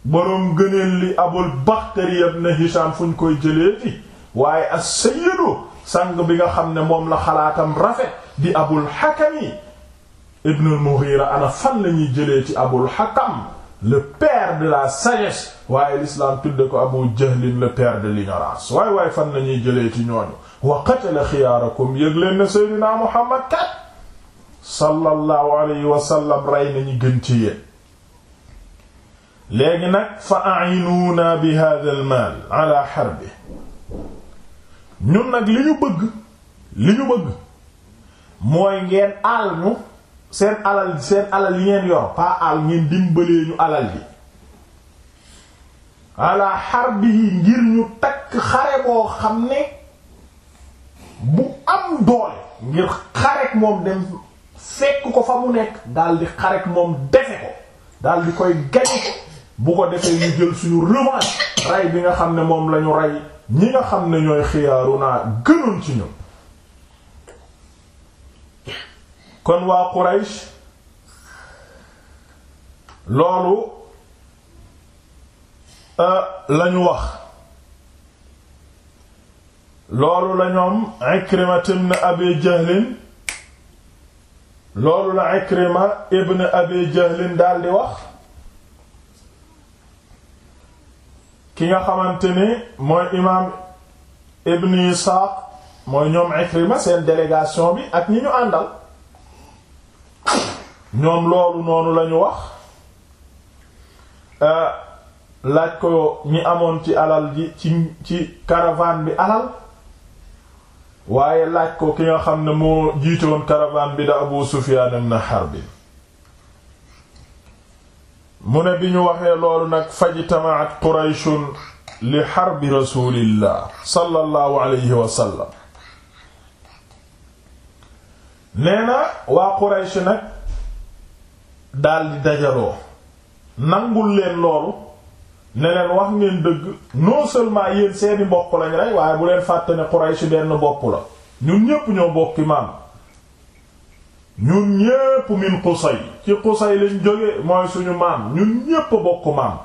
boroom gëneel li abul baxtari ibn hisham fu ñu koy jëlee waaye as-sayyidu sang bi nga xam ne moom la xalaatam rafet di abul hakami ibn al ana fan la ñuy jëlee ci abul hakam le père de la sagesse waaye l'islam tudde ko abu jahlin le père de l'ignorance waay waay fan la ñuy jëlee ci ñooñu wa qatala xiyaarakum yëg leen ne seydina muhammad kat sallallahu alayhi wa rey nañu gën ci yéen léegi nag fa a'inuuna bi hadha al mal ala ñun nag li ñu bëgg li ñu bëgg mooy ngeen aal ñu seen alal seen alal yi ngeen yor pas aal ngeen ñu alal yi ala harbi yi ngir ñu takk xare boo xam ne bu am doole ngir xarek moom dem fekk ko fa mu nekk daldi xarek moom defe ko daldi koy gañe bu ko defee ñu jël suñu revanche rey bi nga xam ne moom lañu ñu rey ñi nga xam ne ñooy xiyaaru naa gënoon ci ñoom kon waa Quraysh loolu euh, lañu wax loolu la ñoom Ikrima ibn Abi Jahlin loolu la Ikrima ibn Abi Jahlin daldi wax ki nga xamante ni mooy imaam ibn Isaaq mooy ñoom Ikrima seen délégation bi ak ñi ñu àndal ñoom loolu noonu lañu wax euh, laaj ko ñi amoon ci alal ji ci ci caravane bi alal waaye laaj ko ki nga xam ne moo jiitoon caravane bi da Abu Sufyaan ibn Harb mu ne bi ñu waxee loolu nag fajtamaat qurayshun li xarbi rasulillah sallallahu alayhi wa sallam nee na waa quraysh nag daldi dajaloo nangul leen loolu ne leen wax ngeen dëgg noo seulement yéen seeni mbokk lañ rey waaye bu leen fàtte ne benn bopp la ñun ñépp ñoo bokki maam ñun ñépp min Qusay ci Qusay lañ jóge mooy suñu maam ñun ñépp bokk maam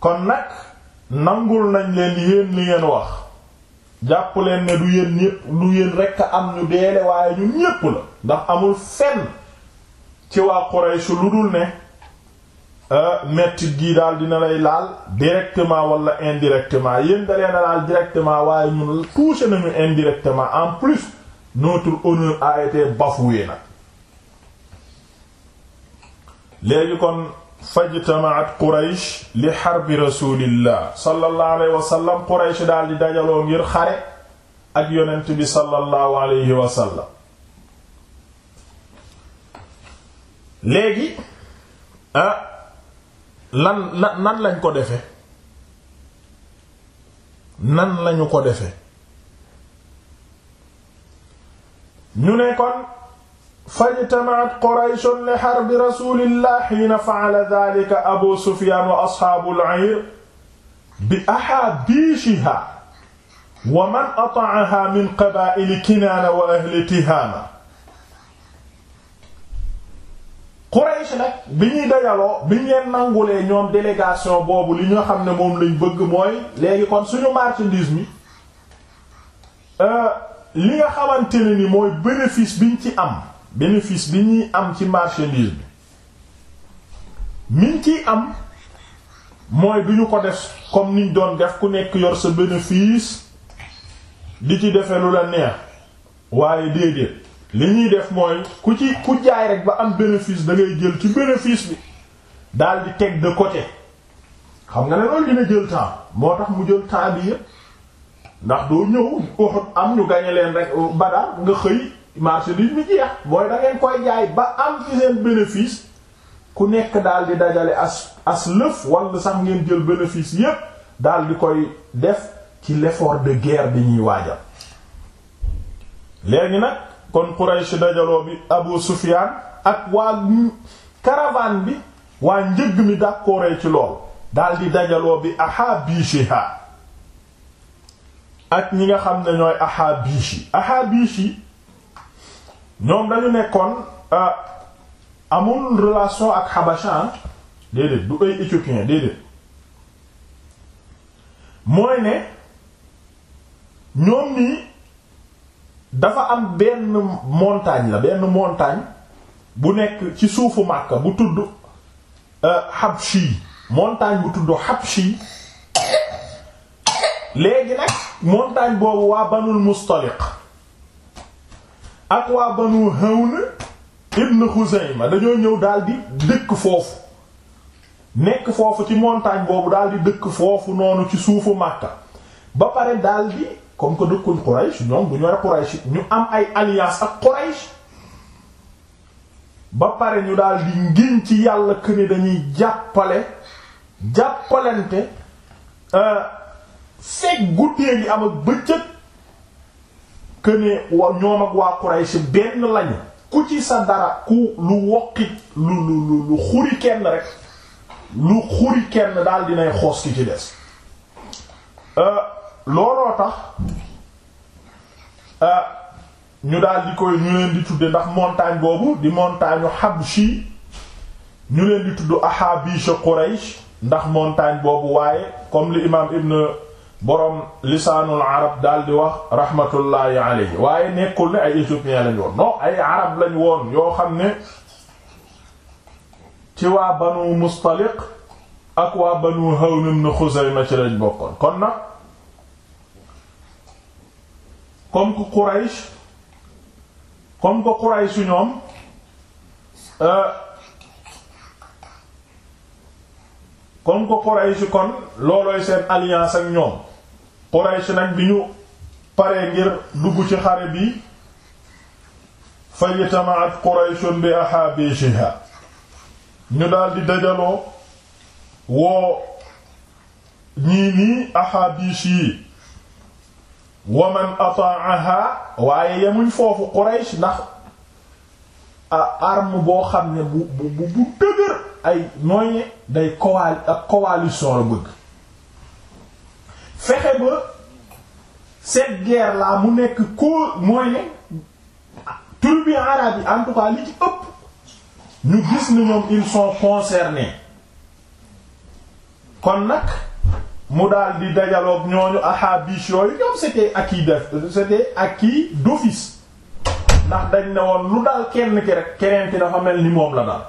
kon nag nangul nañ leen yéen li ngeen wax jàpp leen ne du yéen ñépp du yéen rekk am ñu deele waaye ñun ñépp la ndax amul fenn ci waa Quraysh lu dul ne euh, mettit gii daal dina lay laal directement walla indirectement yéen da leen a laal directement waaye ñun touché nañu indirectement en plus notre honneur a été bafoué léegi kon fajtamaat Quraysh li xarbi rasulillah sallallahu alayhi wa sallam Quraysh daal di dajaloo ngir xare ak yonent bi sallallahu alayhi wa léegi ah nan lañ ko defe nan lañu ko defe ñu ne kon fajtamaat qurayshun li harbi rasulillah xiina fa'ala dhalika abu sufyan wa ashaabul 'ayr bi ahaabiishiha wa man ata'aha min qabaa'il kinaana wa ahli tihaama Quraysh nag bi ñuy dajaloo bi ñu ñoom délégation boobu li ñu xam ne moom lañ bëgg mooy léegi kon suñu marchandise mi euh li nga xamante ne ni mooy bénéfice ñu ci am bénéfice bi ñuy am ci marchandise bi niñ ciy am mooy duñu ko def comme niñ doon def ku nekk yor sa bénéfice di ci defe lu la neex waaye déedéet li ñuy def mooy ku ci ku jaay rek ba am bénéfice da ngay jël ci bénéfice bi daal di teg de côté xam nga ne loolu dina jël temps moo tax mu jël temps bi yépp ndax doo ñëw Uhud am ñu gañe leen rek Badar nga xëy marchandise mi jeex mooy da koy jaay ba am ci seen bénéfice ku nekk daal di dajale as as lëf wala sax ngeen jël bénéfice yépp daal di koy def ci l'effort de guerre bi ñuy waajal léegi nag kon Quraysh dajaloo bi Abu Sufyan ak waa caravane bi waa njëgg mi d'accordé ci lool dal di dajaloo bi aha bichiha ak ñi nga xam ne ñooy axaabish yi ñoom dañu nekkoon ah, amul relation ak xabashan ah, déedéet du ay éthiopien déedéet mooy ne ñoom nii dafa am benn montagne la benn montagne bu nekk ci suufu Makka bu tudd ah, Habshi montagne bu tudd Habshi léegi nag montagne boobu waa banul mustaliq ak waa banu hawn ibn xuzayma dañoo ñëw daal di dëkk foofu nekk foofu ci montagne boobu daal di dëkk foofu noonu ci suufu Makka ba pare daal di comme que dëkkul Quraysh ñoom du ñooy Quraysh ñu am ay alliance ak Quraysh ba pare ñu daal di ngiñ ci yàlla que ni dañuy jàppale jàppalante euh, fekk guddee ngi am ak bëccëg que ne ñoom ak waa Quraysh benn lañu ku ci sa dara ku lu woqi lu lu lu xuri kenn rek lu xuri kenn daal dinay xoos ki ci des euh, looloo tax euh, ñu daal di koy ñu leen di tudde ndax montagne boobu di montagne Habshi ñu leen di tudd Ahabish Quraysh ndax montagne boobu waaye comme li imaam Ibn boroom lisaanul arab daal di wax rahmatullahi alayhi waaye nekkul ne ay éthiopiens lañ woon non ay arab lañ woon yoo xam ne ci waa banu mustaliq ak waa banu hawn ibn xuzayma ci lañ bokkoon kon nag comme que quraish comme que ñoom euh, comme que quraish seen alliance ak ñoom Quraysh nag bi ñu paree ngir dugg ci xare bi fajtamaat Qurayshun bi ahaabishiha ñu daldi dajaloo woo ñii nii ahaabish yi wa man ata'aha waaye yemuñ foofu Quraysh ndax arme boo xam ne bu bu bu dëgër ay nooy day coal ak bëgg fexe ba cette guerre là mu nekk koo mooy ne tribu arabe yi en li ci ëpp ñu gis ni ñoom ils sont concernés kon nag mu daldi di dajaloog ñooñu ahabish yooyu ñoom c'était ak def c'était acquis ndax dañ ne woon lu daal kenn ki rek keneen ki dafa mel ni moom la daal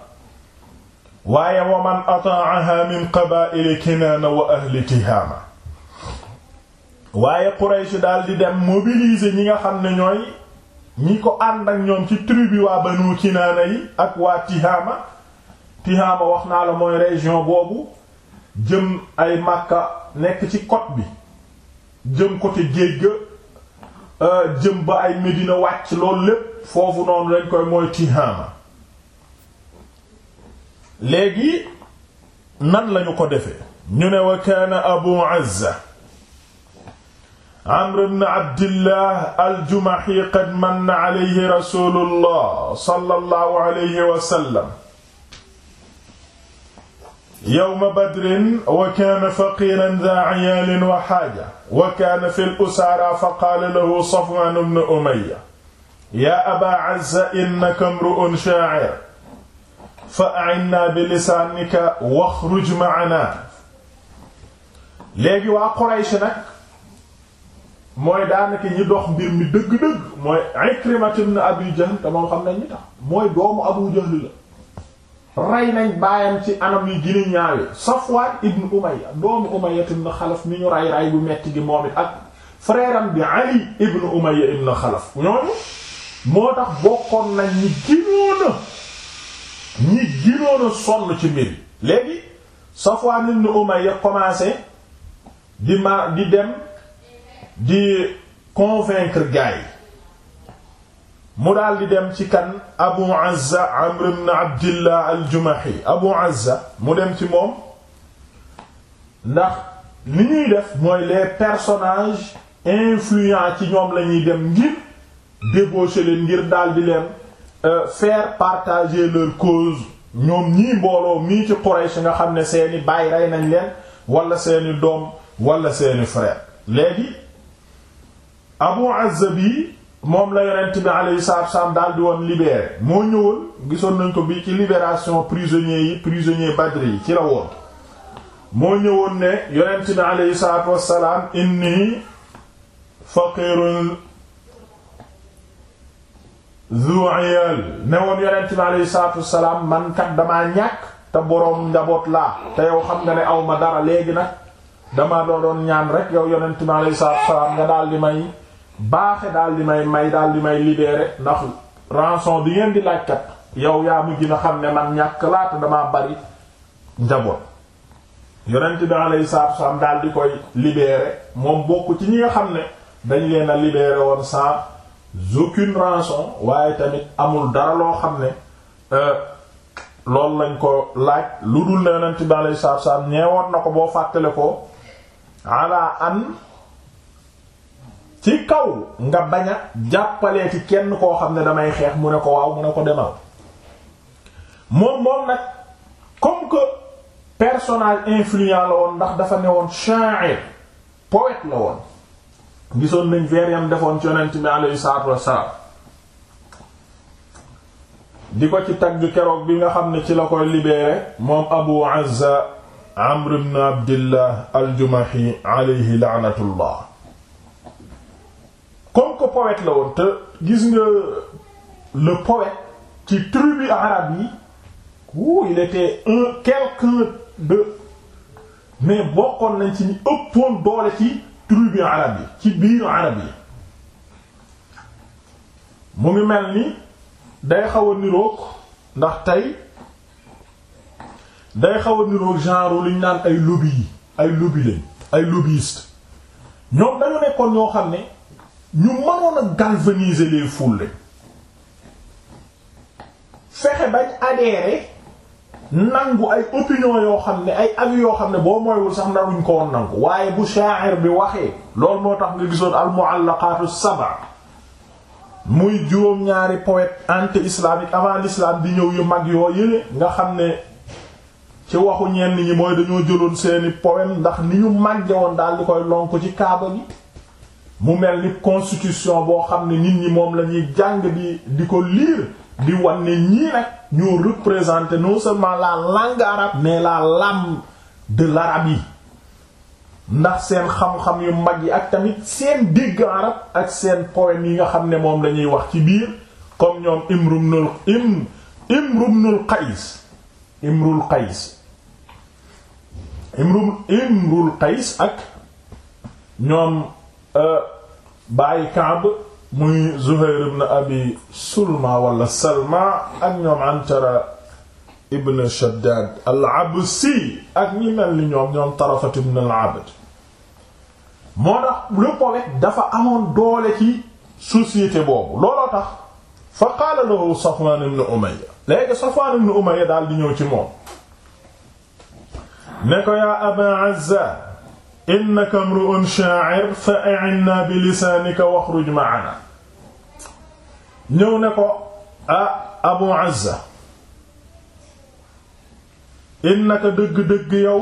waaye wa man ata'aha min qaba'il Kinana wa ahli Tihama waaye Quraysh daal di dem mobiliser ñi nga xam ne ñooy ñi ko ànd ak ñoom ci tribu waa Banu Kinaana yi ak waa Tihaama Tihaama wax naa la mooy région boobu jëm ay Makka nekk ci côte bi jëm côté géej ga euh, jëm ba ay Médina wàcc loolu lépp foofu noonu lañ koy mooy Tihaama léegi nan lañu ko defe ñu ne wa kaana Abu Azza Amr ibn Abdillah al-Jumahi qad manna alayhi rasulullah sallallahu alayhi wa sallam yawma badrin wa kaana faqiiran dhaa ciyaalin wa xaaja wa kaana fil usaara faqaala lahu Safwaan ibn Umayya yaa abaa Azza innaka imru'un shaa'ir fa a'innaa bilisaanika waxruj macanaa léegi waa Quraysh nag mooy daanaka ñi dox mbir mi dëgg-dëgg mooy Ikrima ibn Abi xam nañ ñi tax mooy doomu Abu la rey nañ baayam ci anam yi gën a ñaawe Safwan ibn Umayya doomu Umayya ibn Xalaf mi ñu rey rey bu metti gi moom it ak frère bi Ali ibn Umayya ibn Xalaf ñooñu moo tax bokkoon nañ ñi ginoon a ñi ginoon sonn ci mbir léegi Safwan ibn Umayya commencé di ma di dem di convaincre gaay mu daal di dem ci kan Abu Azza Amr ibn Abdillah al-Jumahi Abu Azza mu dem ci moom ndax li ñuy def mooy les personnages influents ci ñoom lañuy ñuy dem ngir débaucher leen ngir daal di leen euh, faire partager leur cause ñoom ñii mbooloo mii ci Quraysh nga xam ne seeni baay rey nañ leen walla seeni doom walla seeni frère léegi Abu Azzabi moom la yonent bi alayhi salaatu wassalaam daal di woon libéré moo ñëwoon gisoon nañ ko bi ci libération prisonniers yi prisonniers Badri yi ci la woon moo ñëwoon ne yonent bi alayhi salaatu wassalaam inni faqirun zu iyal ne woon yonent bi alayhi salaatu wassalaam man kat damaa ñàkk te boroom njaboot laa te yow xam nga ne aw ma dara léegi nag dama doo doon ñaan rek yow yonent bi alayhi salaatu wassalaam nga daal di may baaxe daal di may may daal di may libéré ndax rançon bi ngeen di laajkat yow yaa mu nga xam ne man ñàkk laata damaa bari njaboot yonent bi alayhi salaatu wasallam daal di koy libéré moom bokk ci ñi nga xam ne dañ leen a libéré woon sans aucune rançon waaye tamit amul dara loo xam ne euh, loolu lañ ko laaj lu dul ne yonent bi alayhi salaatu wasallam ñeewoon na ko boo fàttale ko ala an ci kaw nga bañ a kenn koo xam ne damay xeex mu ne ko waaw mu ne ko demal moom moom nag comme que personnage influent la woon ndax dafa ne woon sha'ir poète la woon gisoon nañ vers defoon ci yonent bi alayhi salaatu wassalaam di ko ci tagg keroog bi nga xam ne ci la koy libéré moom Abu Azza Amr ibn Abdillah al-Jumahi alayhi la'natullah comme que poète la woon te gis nga le poète ci tribu arabe yi wuu il était un quelqu'un de mais bokkoon nañ ci ñu ëppoon doole ci tribu arabe yi ci biir arabe yi mu ngi mel ni day xaw a niroog ndax tey day xaw a niroog genre liñ naan ay lobby yi ay lobby lañ ay lobbyiste ñoom dañu nekkoon ñoo xam ne ñu mënoon a galvaniser les foules fexe bañ adhérer nangu ay opinion yoo xam ne ay avis yoo xam ne boo mooywul sax naruñ ko woon nangu waaye bu sha'ir bi waxee loolu moo tax nga gisoon al mu'allaqatu sab'a muy juróom-ñaari poète anti-islamique avant l'islam di ñëw yu mag yoo yële nga xam ne ci waxu ñenn ñi mooy dañoo jëloon seeni poème ndax ni ñu màgge woon daal di koy lonk ci kaaba gi mu mel ni constitution boo xam ne nit ñi moom lañuy jàng bi di ko lire di wan ne ñii nag ñoo représenter non seulement la langue arabe mais la lame de l'arabe yi ndax seen xam-xam yu mag yi ak tamit seen dégg ak seen poème yi nga xam ne moom lañuy wax ci biir comme ñoom imrumnul im imrumnul qais imrul qais imrum imrul qais ak ñoom euh, bàyyi Kaab mu Zuhayr ibn Abi Sulma wala Salma ak ñoom Antara ibn Shaddad al-Absi ak ñi mel ni ñoom ñoom Tarafat ibn al-Abd moo tax le dafa amoon doole ci société boobu looloo tax fa qaala lahu Safwan ibn Umayya léegi Safwan ibn Umayya daal di ñëw ci moom ne Aba Azza innaka imru'un sha'ir fa'i'inna bi lisaanika waxruj ma'ana ñëw ne ko ah Abu Azza innaka dëgg-dëgg yow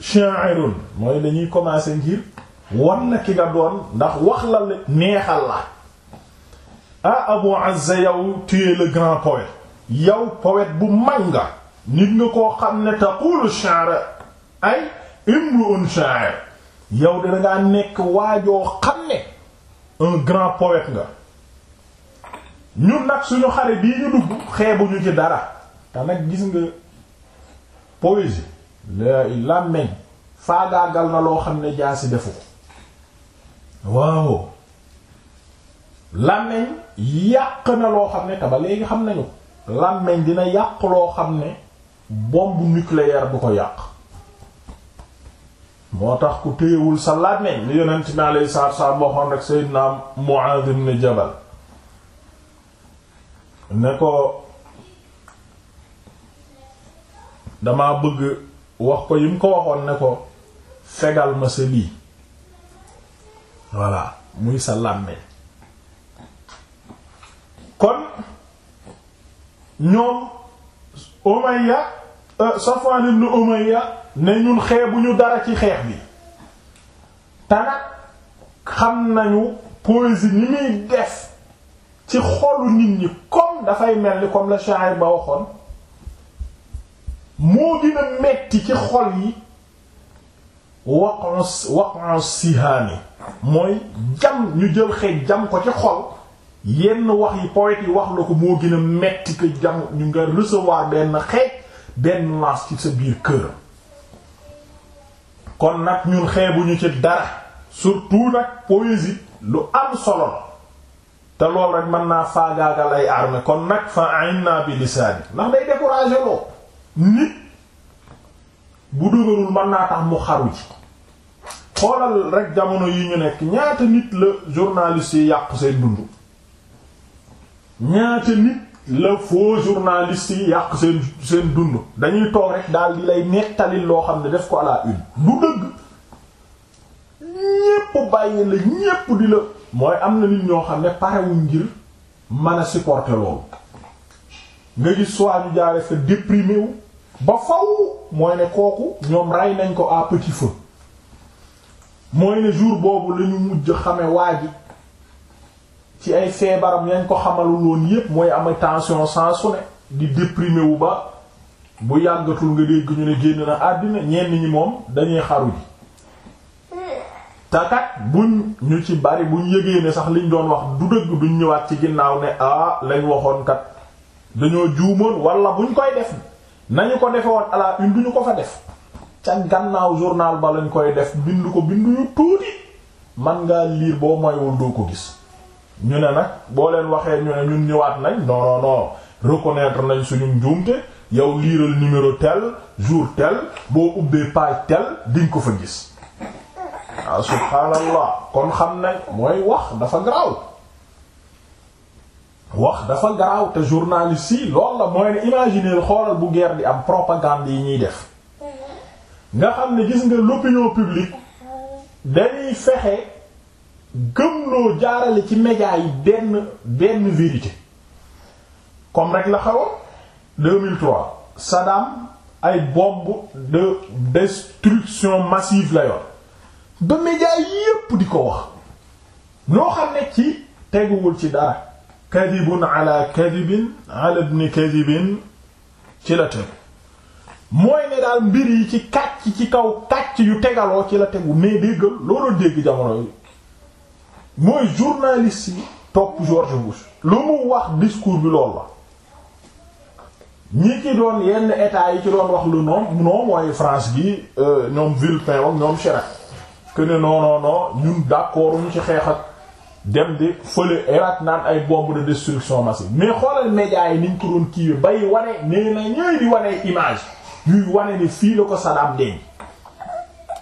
sha'irun mooy lañuy commencer ngir wan na ki nga doon ndax wax la neexal la ah Abu Azza yow tu es grand poète yow poète bu mag nga nit nga koo xam ne taqulu sha'ra ay imru'un sha'ir yow de dangaa nekk waajoo xam ne un grand poète nga ñun nag suñu xare bii ñu dugg xeebuñu ci dara te nag gis nga poésie làmmeñ faagaagal na loo xam ne jaasi defu ko waaw làmmeñ yàq na loo xam ne te ba léegi xam nañu làmmeñ dina yàq loo xam ne bombe nucléaire bu ko yàq moo tax ku téyewul sa làmmiñ li yonent bi alayhi salaatu salaam waxoon rek Seydina Muaaz ibn Jabal ne ko dama bëgg wax ko yi mu ko waxoon ne ko fegal ma sa lii voilà muy sa làmmiñ kon ñoom Umayya euh, Safwan ibn Umayya ne ñun xeebuñu dara ci xeex bi te xam nañu poésie ni muy def ci xolu nit ñi comme dafay mel ni comme la sha'ir ba waxoon moo dina metti ci xol yi waqon waqon mooy jam ñu jël xeej jam ko ci xol yenn wax yi poète yi wax la ko moo gën a metti ko jam ñu nga recevoir benn xeej benn lance ci sa biir kër kon nag ñun xeebuñu ci dara surtout nag poésie lu am solo te loolu rek mën naa faagaagal ay armée kon nag fa ainna bi lisaani ndax day découragé loo nit bu dëgërul mën naa tax mu xaru ji xoolal rek jamono yi ñu nekk ñaata nit la journaliste yi yàqu seen dund ñaata nit le faux journaliste yi yàq seen seen dund dañuy toog rek daal di lay nettali loo xam ne def ko à une du dëgg ñépp bàyyi la ñépp di la mooy am na nit ñoo xam ne parewuñ ngir mën a supporter loolu nga gis soit ñu jaare fa déprimé wu ba faw mooy ne kooku ñoom rey nañ ko à petit feu mooy ne jour boobu lañu mujj xame waa ji ci ay feebaram yañ ko xamalul woon yépp mooy am tension sans su ne di déprimer wu ba bu yàggatul nga dégg ñu ne génn na àddina ñenn ñi moom dañuy xaru ji takat buñ ñu ci bari buñ yëgee ne sax liñ doon wax du dëgg duñ ñëwaat ci ginnaaw ne ah lañ waxoon kat dañoo juumoon wala buñ koy def nañu ko defewoon alaat à la duñu ko fa def ca gannaaw journal ba lañ koy def bind ko bind yu tuuti man ngaa liir boo moywul doo ko gis ñu ne nag boo leen waxee ñu ne ñun ñëwaat nañ non non non reconnaître nañ suñu njuumte yow liiral numéro tel jour tel boo ubbee page tel diñ ko fa gis waaw ah, subhaanallah kon xam ne mooy wax dafa garaaw wax dafa garaaw te journaliste yi loolu la mooy ne imaginer xoolal bu guerre di am propagande yi ñuy def nga xam ne gis nga l'opinion publique dañuy fexe gëmloo jaarale ci média yi benn benn vérité comme rek la xewoon 2003 Saddam ay bombe de destruction massive la yor ba média yépp di ko wax loo xam ne ci teguwul ci dara kadibun ala kadibin ala ibn kadibin ci la tegu mooy ne daal mbir yi ci kàcc ci kaw kàcc yu tegaloo ci la tegu mais déggal loolu dégg jamono yi mooy journaliste yi topp George Bush lu mu wax discours bi loolu la ñi ci doon yenn état yi ci doon wax lu noom non mooy France bi euh, ñoom Villepin ak ñoom Chirac que ne non non non ñun d'accord ñu ci xeexal ak dem di fële Irak naan ay bombe de destruction massive mais xoolal médias yi niñ ko doon kiiwe bay wane nee na ñëy di wane image yuy wane ni fii la ko Saddam denc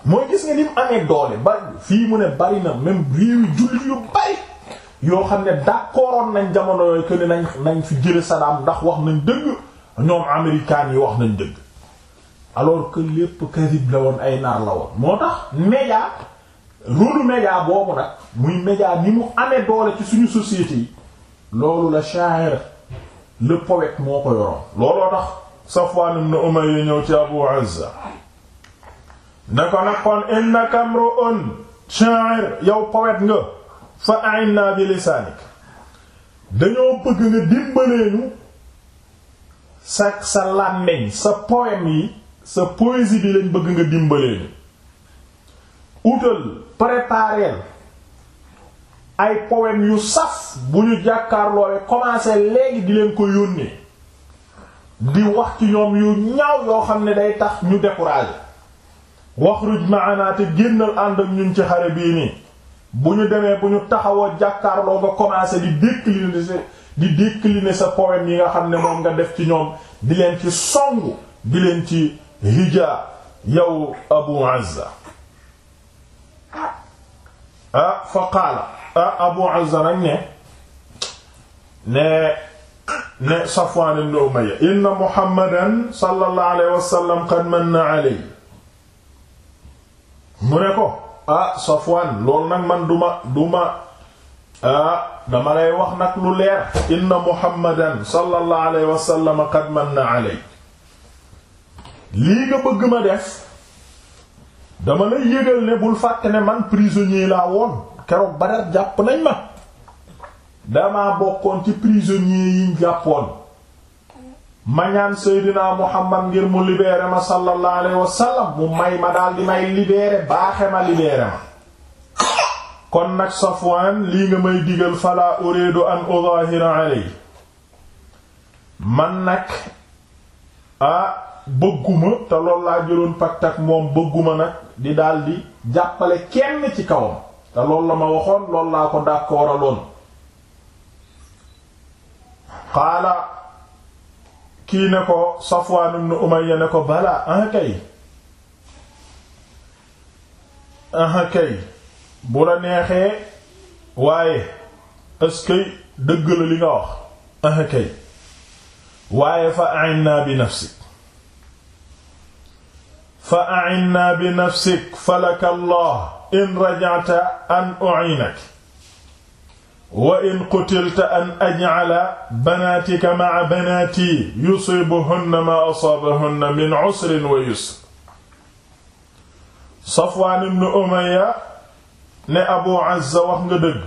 mooy gis nga ni mu amee doole bari fii mu ne bari na même réew jullit yu bari yoo xam ne d'accordoon nañ jamono yooyu que nañ nañ fi jële Saddam ndax wax nañ dëgg ñoom américains yi wax nañ dëgg alors que lépp kasib la woon ay nar la woon moo tax média rôle média boobu nag muy média ni mu amee doole ci suñu société yi loolu la sha'ir le poète moo ko yoroon looloo tax Safwan ibn Umayya ñëw ci Abu Azza ne ko nag kon innaka mru'un yow poète nga fa a'inna bi lisaanik dañoo bëgg nga dimbaleenu sa sa làmmiñ sa poème yi sa poésie bi lañ bëgg nga dimbaleenu utal préparer ay poème yu saf bu ñu jàkkaarloowe commencé léegi di leen ko yónnee di wax ci ñoom yu ñaaw yoo xam ne day tax ñu décourager waxruj ma'ana te génnal ànd ñun ci xare bii nii bu ñu demee bu ñu taxawoo jàkkaarloo nga commencé di décliner sa di décliner sa poème yi nga xam ne moom nga def ci ñoom di leen ci songu di ci hija yow Abu Azza ah fa qaala ah Abu Azza nag ne ne ne Safwan ibn Umayya inna Muhammadan sallallahu alayhi wa sallam qad manna mu ne ko ah Safwan loolu nag man du ma du ma ah, dama lay wax nag lu leer inna muhammadan sallallahu alayhi wa sallam qad manna alay lii nga bëgg ma def dama lay yëgal ne bul ne man prisonnier laa woon keroog Badar jàpp nañ ma damaa bokkoon ci prisonnier yiñ jàppoon mañaan seydinaa muhammad ngir mu libéré ma sallallahu alayhi wasallam mu may ma daal di may libéré baaxe ma libéré ma kon nag safwaan lii nga may digal fala uridu an udahira alay man nag ah bëgguma te loolu laa jëloon pacte moom bëgguma nag di daldi jàppale kenn ci kawam te loolu la ma waxoon loolu laa ko dàkkooraloon xaala kii ne ko Safwaan ibn Umayya ne ko balaa ah kay ah kay bu la neexee waaye est-ce dëgg la li nga wax ah kay waaye fa a'inna bi nafsik fa a'inna bi nafsik falaka Allah in raja'ta an u'inak wa in qutilta an aj'ala banaatika ma'a banaati yusiibuhunna maa asaabahunna min 'usrin wa yusr Safwaan ibn Umayya ne Abu Azza wax nga dëgg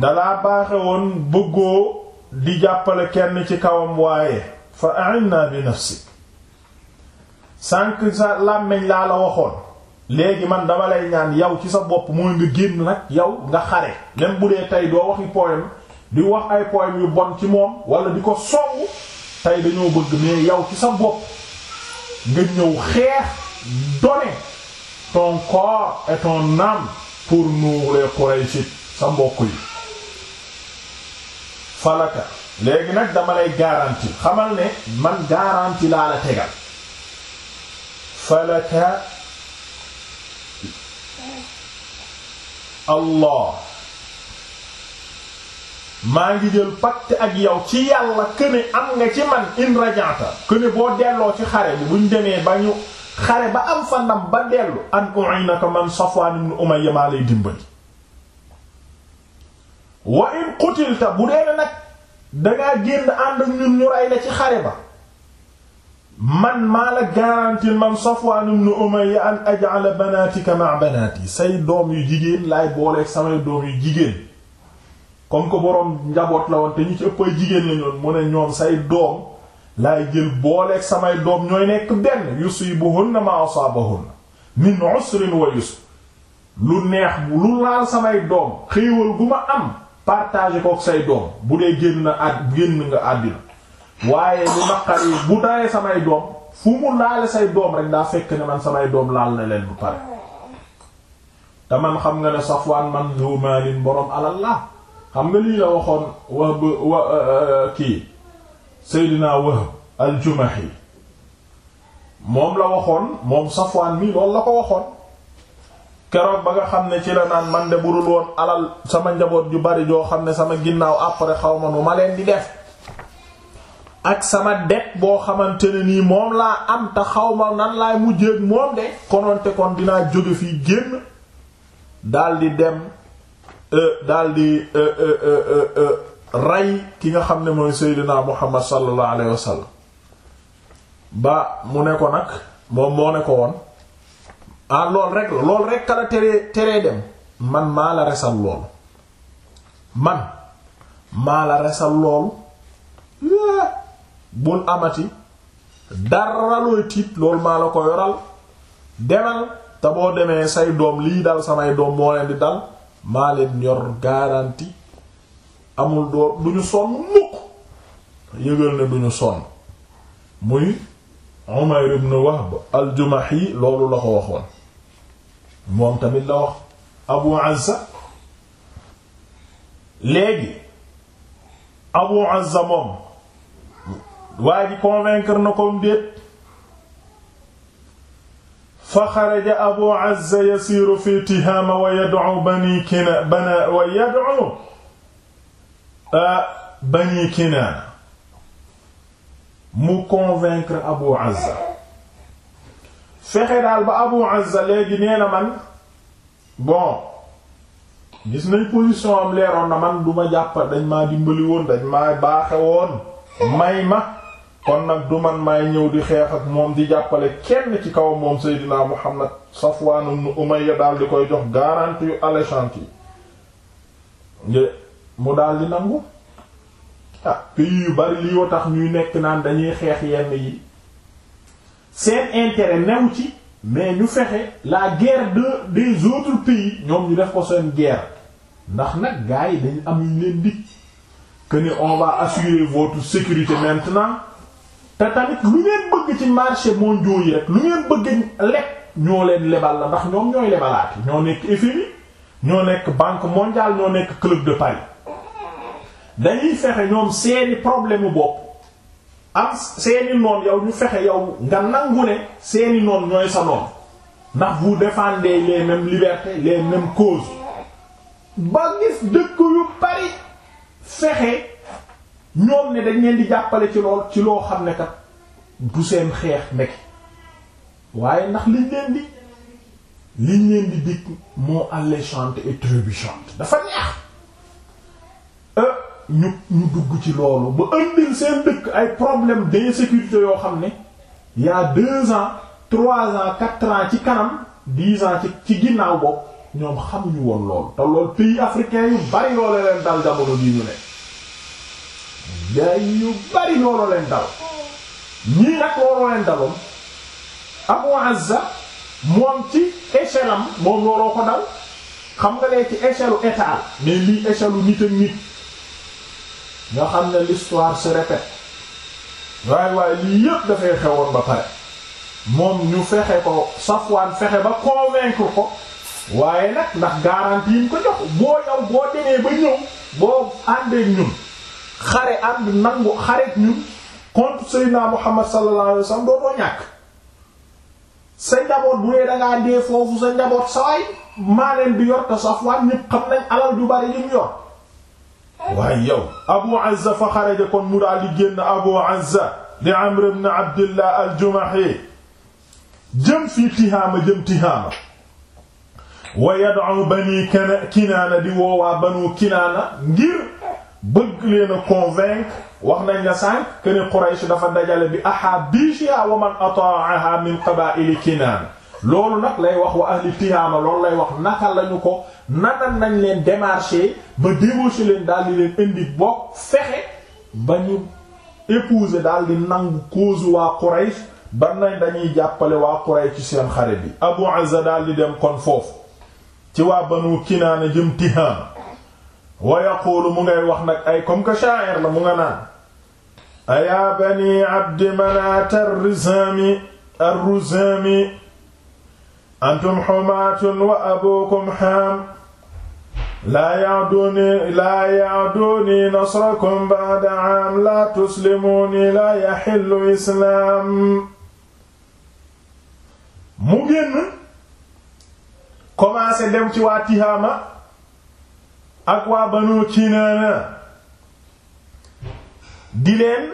dalaa baaxe woon bëggoo di jàppale kenn ci kawam waaye fa a'inna bi nafsik sànq làmmiñ laa la waxoon léegi man dama lay ñaan yow ci sa bopp mooy nga génn nag yow nga xare même bu dee tey doo waxi poème di wax ay poème yu bon ci moom wala di ko songu tey dañoo bëgg mais yow ci sa bopp nga ñëw xeex donner ton corps et pour nous les sa mbokk yi falaka léegi nag dama lay garantie xamal ne man garantie laa la tegal falaka allah maa ngi jël pacte ak yow ci yàlla këne am nga ci man in rajaata këne boo delloo ci xare bi buñ demee ba ñu xare ba am fa ndam ba dellu an u'inaka man Safwan ibn Umayya maa dimbali wa in qutilta bu dee nag dangaa génn ànd ak ñun ñu rey la ci xare ba man maa la garantir man Safwaan ibn Umayya an aj'ala banaatika ma'a banaati say doom yu jigéen laay booleeg samay doom yu jigéen kon que boroom njaboot la woon te ci ëpp jigéen la ñoon mu ñoom say doom lay jël booleeg samay doom ñooy nekk benn yusiibuhunna maa asaabahunna min usrin wa yusr lu neex lu laal samay doom xéewal gu ma am partage kook say doom bu dee génn na àdd génn nga àddina waaye lu naqar yi bu dalee samay doom fu mu laale say doom rek daa fekk ne man samay doom laal na leen bu pare te man xam nga ne Safwaan man zomaalin boroom alal la xam nga lii wa eh, eh, kii Seydina Wahb al moom la waxoon moom Safwaan mi la ko waxoon keroog ba nga xam ne ci la naan man de budul woon alal sama njaboot ju bari joo xam ne sama ginnaaw après xaw ma nu ma leen di def ak sama det boo xamante ne nii moom laa am te xawma nan laay mujjéeg moom de kononte kon dinaa jóge fii génn daldi dem euh, daldi euh, euh, ray ki nga xam ne mooy seydinaa muhammad sallallahu alayhi wasallam ba mu ne ko nag moom moo ne ko woon ah lool rek la lool rek teree dem man maa la resal loolu man maa la resal loolu bul amati dara looy tiit loolu maa la ko yoral demal te boo demee say doom lii dal samay doom moo leen di dal maa leen yor garantie amul doo du ñu sonn mukk yëgal ne du sonn muy Umayr ibn Wahb al loolu la ko waxoon moom tamit la wax Abu Azza léegi Abu Azza moom waa ji convaincre na ko déet fa xaraja abu azza yasiiru fi wa yad'u bani kina bana wa yad'u bani kinaana mu convaincre abu azza fexe daal ba abu azza léegi nee man bon gis nañ position am leeroon na man duma jàpp dañ maa dimbali woon dañ maa baaxe woon may ma kon nag du man maay ñëw di xeex ak moom di jàppale kenn ci kaw moom Seydina Muhammad Safwaan ibn Umayya daal di koy jox garantie yu alléchante yi mu daal di nangu ah pays yu bari li yoo tax ñuy nekk naan dañuy xeex yenn yi seen intérêt new ci mais ñu fexe la guerre de des autres pays ñoom ñu def ko seen guerre ndax nag gars yi dañ am ñu leen di que ni on va assurer votre sécurité maintenant te tamit lu ngeen bëgg ci marché mondiaux yi rek lu ngeen bëgg leb ñoo leen lebal la ndax ñoom ñooy lebalaati ñoo nekk FMI ñoo nekk banque mondiale ñoo nekk club de Paris dañuy fexe ñoom seeni problème bopp am seeni noon yow ñu fexe yow nga nangu ne seeni noon ñooy sa noon ndax vous défendez les mêmes libertés les ba gis dëkk yu Paris fexe ñoom ne dañ leen di jàppale ci lool ci loo xam ne kat du seen xeex nekk waaye ndax liñ leen di liñ leen di dikk moo alléchante et dafa neex euh, ñu dugg ci loolu ba ëndil seen dëkk ay problème d'insécurité yoo xam ne y a deux ans trois ans quatre ans ci kanam dix ans ci ci ginnaaw bopp ñoom xamuñu woon loolu te loolu pays africains yu bari yoo leen dal jamono bii ñu ne gaa yi yu bari looloo leen dal ñii nag looloo leen daloon Abu moom ci échelle am moom looloo ko dal xam nga lee ci échelle u état mais lii échelle u nit ak nit nga xam ne l'histoire se répète waaye waaye lii yépp dafay xewoon ba pare moom ñu fexe ko Safwaan fexe ba convaincre ko waaye nag ndax garantie yi ñu ko jox boo yow boo demee ba ñëw boo àndeek ñun xare ànd nangu xareet ñun contre Seydina Muhammad sallallahu alayhi wasallam dootoo ñàkk sa njaboot bu dee dangaa dee foofu sa njaboot sawaay maa leen bi yor te Safwaan ñépp xam nañ alal ju bari ñu yor Abu Azza kon mu daal Abu Azza di Amr ibn Abdillah al-Jumahi jëm fii Tihaama jëm Tihaama wa yad'u Kinaana di woowaa Banu Kinaana ngir bëgg leen a convaincre wax nañ la sànq que ne Quraysh dafa dajale bi ahaabishiha wa man ata'aha min qabaa'ili Kinaan loolu nag lay wax wa ahli Tihaama loolu lay wax naka lañu ko naka nañ leen démarché ba débauché leen daal di leen indi bokk fexe ba ñu épouser daal di nangu cause waa Quraysh ban nañ dañuy jàppale waa Quraysh ci seen xare bi Abu Azza daal di dem kon foofu ci waa Banu Kinaana jëm Tihaama wa yaquulu mu ngay wax nag ay comme que sha'ir la mu nga naan ayaa bani abdi manaat ar-rizami ar-ruzami antum xumaatun wa abukum xaam laa ya'duni laa ya'duni nasrakum ba'da 'aam laa tuslimuni laa yaxillu islaam mu génn commencé dem ci waa Tihaama ak waa Banu Kinaana di leen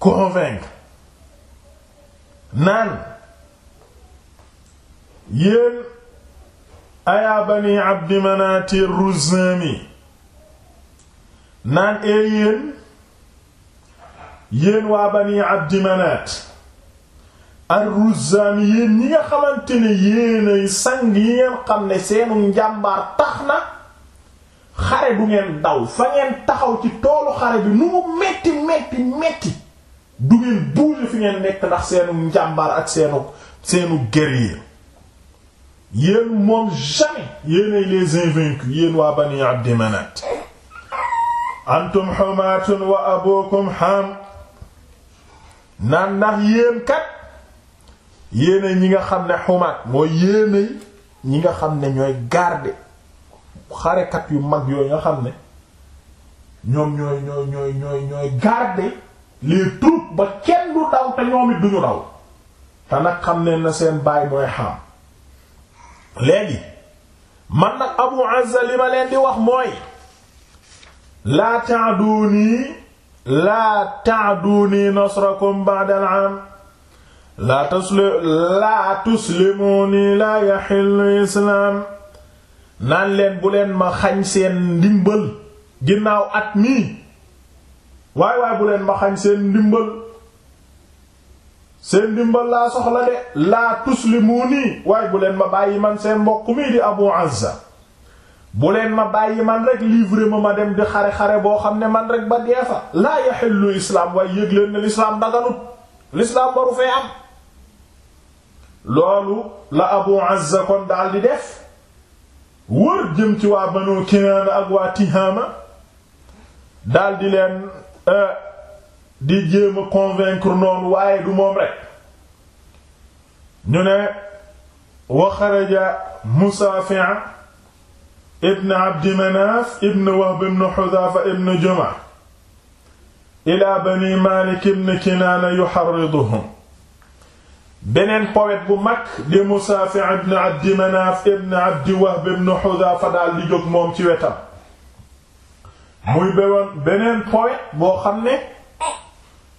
convaincre naan yéen ayaa Bani Abdi Manaati Ruzaami naan ee eh, yéen yéen waa Bani Abdi Manaat ar-Ruzaami yéen ñi nga xamante ne yéenay sang yi ngeen xam ne seenu njàmbaar tax na xare du ngeen daw fa ngeen taxaw ci toolu xare bi nu mu metti metti metti du ngeen bouger fi ngeen nekk ndax seenu njàmbaar ak seenu seenu guerrier yéen moom jamais yéenay les invaincus yéen waa bani abdi manat antum xumaatun wa abukum ham naan ndax yéen kat yéenay ñi nga xam ne xumaat mooy yéenay ñi nga xam ne ñooy garder xarekat yu mag yooyu nga xam ne ñoom ñooy ñooy ñooy ñooy ñooy garder les ba kenn du daw te ñoom it duñu daw te nag xam ne na seen baay mooy xaam léegi man nag Abu Azza li ma leen di wax mooy laa ta'duni laa ta'duni nasrakum ba'da am laa tuslimuni laa yahillu islam naan leen bu leen ma xañ seen ndimbal ginnaaw at mii waay waay bu leen ma xañ seen ndimbal seen ndimbal laa soxla de laa tuslimuuni waaye bu leen ma bàyyi man seen mbokk mii di Abu Azza bu leen ma bàyyi man rek livrer ma ma dem di xare-xare boo xam ne man rek ba dee fa laa yaxillu islaam waaye yëg leen lislaam daganut lislaam baru fee am loolu la Abu Azza kon daal di def wër jëm ci waa Banu Kinaana ak waa Tihaama daldi leen euh, di jéem a convaincre noonu waaye du moom rek ñu ne wa xaraja Musaafi' ibn Abdi Manaaf ibn Wahb ibn Hudaafa ibn Juma' ila Bani Maalik ibn Kinaana yuharriduhum beneen poète bu mag di Musaafi ibn Abdi Manaaf ibn Abdi Wahb ibn Hudaafa daal di jóg moom ci wetam muy beneen poète boo xam ne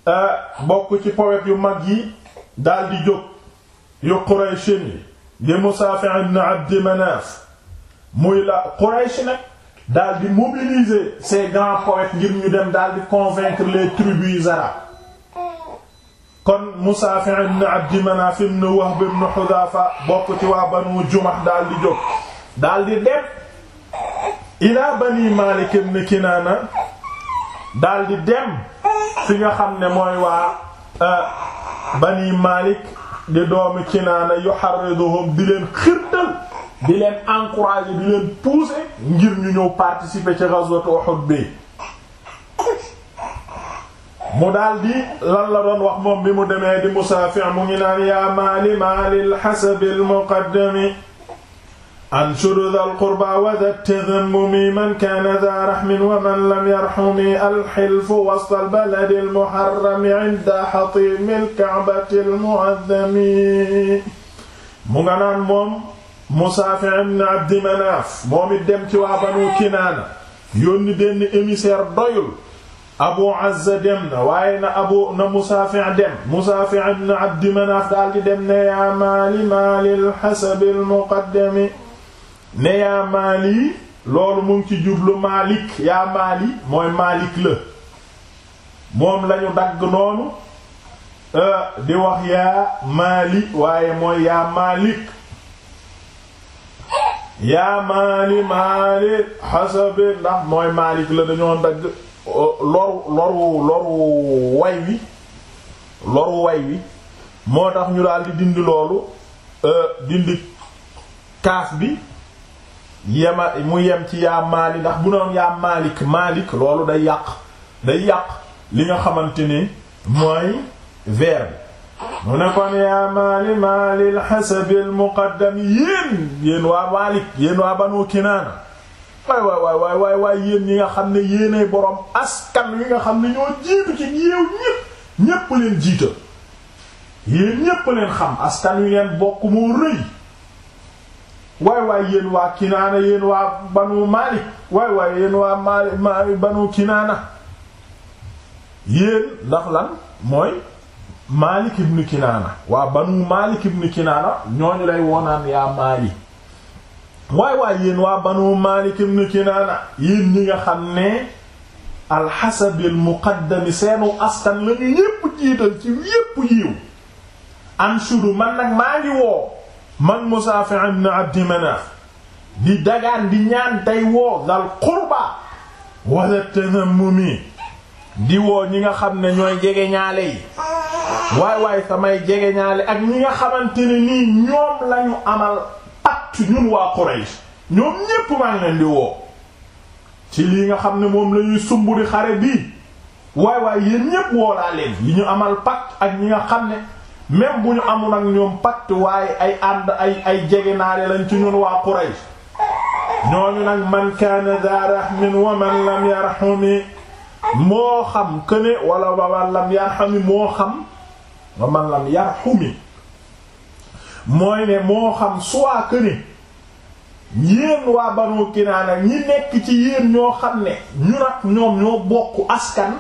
euh, bokk ci poète yu mag yi daal di jóg yu Quraysh ni di Musaafi ibn Abdi Manaaf muy la Quraysh nag daal di mobiliser ces grands ngir ñu dem daal di convaincre les tribus arabes kon Musaafi ibn Abdi Manaaf ibn Wahb ibn Hudaafa bokk ci waa Banu Jumax daal di jóg daal di dem ilaa Bani Maalik ibn Kinaana daal di dem fi nga xam ne mooy waa euh, Bani Maalik di doomi Kinaana yuharriduhum di leen xirtal di leen encourager di leen pousser ngir ñu ñëw participer ci ghazwat Uhud bi mu daal di lan la doon wax moom bi mu demee di musaafir mu ngi naan yaa maali maalil xasabi almuqaddami anshudu dha alqurba wa dha tadammumi man kaana dha raxmin wa man lam yarxumi alxilfu wasta albaladi almuharrami inda xatiimi alkacbati almuaddami mu nga naan moom musaafir ibn abdi manaaf moom it dem ci waa banu kinaana yónni benn émissaire doyul abu azza dem na waaye na abu na musaafi' dem musaafi' ibn abdi manaaf daldi dem ne yaa maali maalil xasabi almuqaddami ne yaa maali loolu mu ngi ci jublu maalik yaa maali mooy maalik la moom lañu dagg noonu e, di wax yaa maali waaye mooy yaa maalik yaa maali maali xasabi ndax mooy maalik la dañoo dagg loru loru loru way wi loru way wi moo tax ñu daal di dindi loolu euh, dindi kaaf bi yema mu yem ci yaa maali ndax bu doon yaa maalik maalik loolu day yàq day yàq li nga xamante ni mooy verbe bi mu ne yaa maali maalil xasabil muqaddam yéen yéen waa maalik yéen waa banu kinaana waay waay waaye waay waay waay yéen ñi nga xam ne yéenay borom askan wi nga xam ne ñoo jiitu ci yéew ñépp ñépp leen jiita yéen ñépp leen xam askan wi ngeen bokk moo rëy waay waay yéen waa Kinaana yéen waa banu Maalik waay waay Kinaana yéen ndax lan mooy Maalik ibnu Kinaana waa banu Maalik ibnu Kinaana ñooñu lay wonaan yaa Maalik waay waay yéen waa banu Maalik ibn Kinaana yéen ñi nga xam ne alxasabil muqaddami seenu askan la ñu yépp jiital ci yépp yiw am man nag maa ngi woo man Musaafi ibn Abdi Manaaf di dagaan di ñaan tey woo dal qurba wala tanammumi di woo ñi nga xam ne ñooy jege ñaale yi waay waay samay jege ñaale ak ñi nga xamante ne ñoom lañu amal ci ñun waa Quraysh ñoom ñépp maa ngi di woo ci lii nga xam ne moom lañuy sumb di xare bii waay waay yéen ñépp woo laa leen li ñu amal pacte ak ñi nga xam ne même bu ñu amul ak ñoom pacte waaye ay ànd ay ay jege naale lañ ci ñun waa Quraysh ñooñu nag man kaana daa rahmin wa man lam yarhami moo xam këne wala wa lam yarhami moo mooy ne moo xam soit que ni yéen waa Banu Kinaana ñi nekk ci yéen ñoo xam ne ñu nag ñoom ñoo bokk askan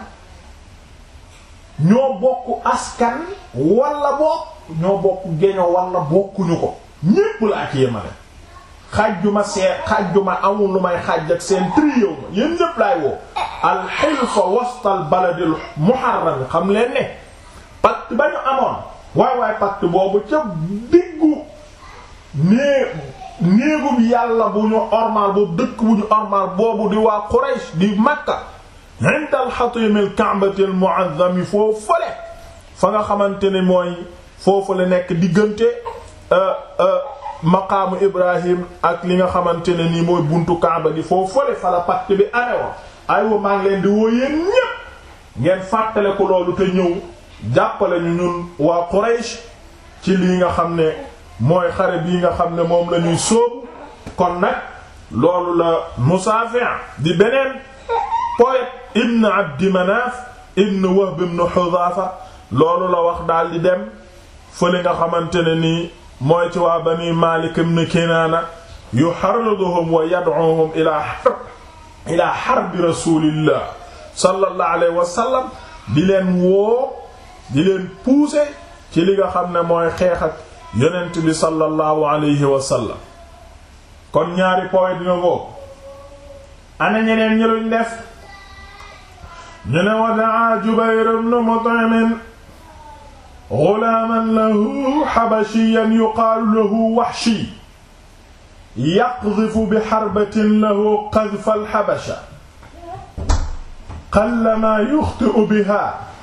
ñoo bokk askan wala bokk ñoo bokk geño wala bokkuñu ko ñépp la ak yéemale xajjuma see xajjuma amul lu may xaj ak seen triyow ma yéen ñépp laay woo alxilfa wastal baladil muharram xam leen ne pacte ba ñu amoon waay waay pacte boobu ca diggu nee néegub yàlla bu ñu ormal boobu di waa Quraysh di Makka inda al-Hatim al-Ka'bati al-Mu'azzam foofu nga xamante ne mooy foofu la nekk diggante euh, euh, maqaamu Ibrahim ak li nga xamante ne nii mooy buntu Kaaba di foofu fële fa la pacte bi arewa aywa maa leen di woo yéen ñépp ngeen fàttale ko loolu te ñëw jàppale ñu ñun waa Quraysh ci lii nga xam ne mooy xare bii nga xam ne moom la ñuy sóobu kon nag loolu la Musaafi' di beneen poète ibn Abdi Manaf ibn Wahb ibn Hudhafa loolu la wax daal di dem fële nga xamante ne nii mooy ci waa Bani Malik ibn Kinaana yuharriduhum wa yad'uhum ila ila harbi rasulillah sallallahu alayhi wa di leen woo di leen pousser ci li nga xam ne mooy xeex ak yonent bi sallallahu alayhi wa sallam kon ñaari point dina ko ana ñeneen ñu luñ def ñu ne wa daa Jubayr ibn Mut'im ghulaman lahu habashiyan yuqaalu lahu Wahshi yaqdhifu bi harbatin lahu qadhfa al-habasha qallama yukhti'u biha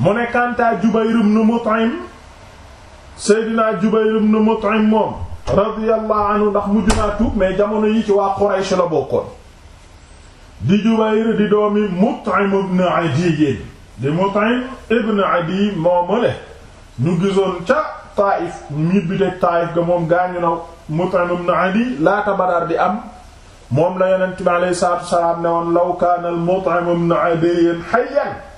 mu ne kantaa Jubayr ibn Mut'im Seydina Jubayr ibn Mut'im moom radiyallahu ndax mujj naa tuub mais jamono yi ci waa Quraysh la bokkoon di Jubayr di doomi Mut'im ibn Adiy di Mut'im ibn Adiy moomale ñu gisoon ca Taif ñibbite Taif ga moom gaañu na Mut'im ibn Adiy laata Badar di am moom la Yonent bi alayhi salaatu salaam ne woon law kaana al-Mut'im ibn Adiy hayyan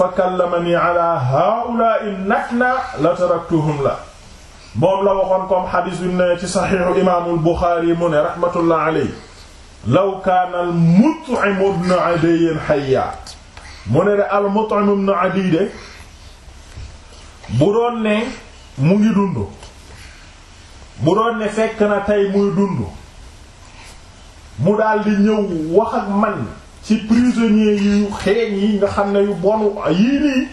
fa kallamani ala nakna la taraktuhum la moom la waxoon comme xadis bi ne ci saxiixu imaamul mu ne rahmatullah aley law kaana al Mut'im ibn Adiy hayya mu ne de al ibn Adiy bu doon ne mu ngi dund bu doon ne fekk na tey muy dund mu daldi ñëw wax man ci prisonniers yu xeeñ yi nga xam ne yu bonu yii nii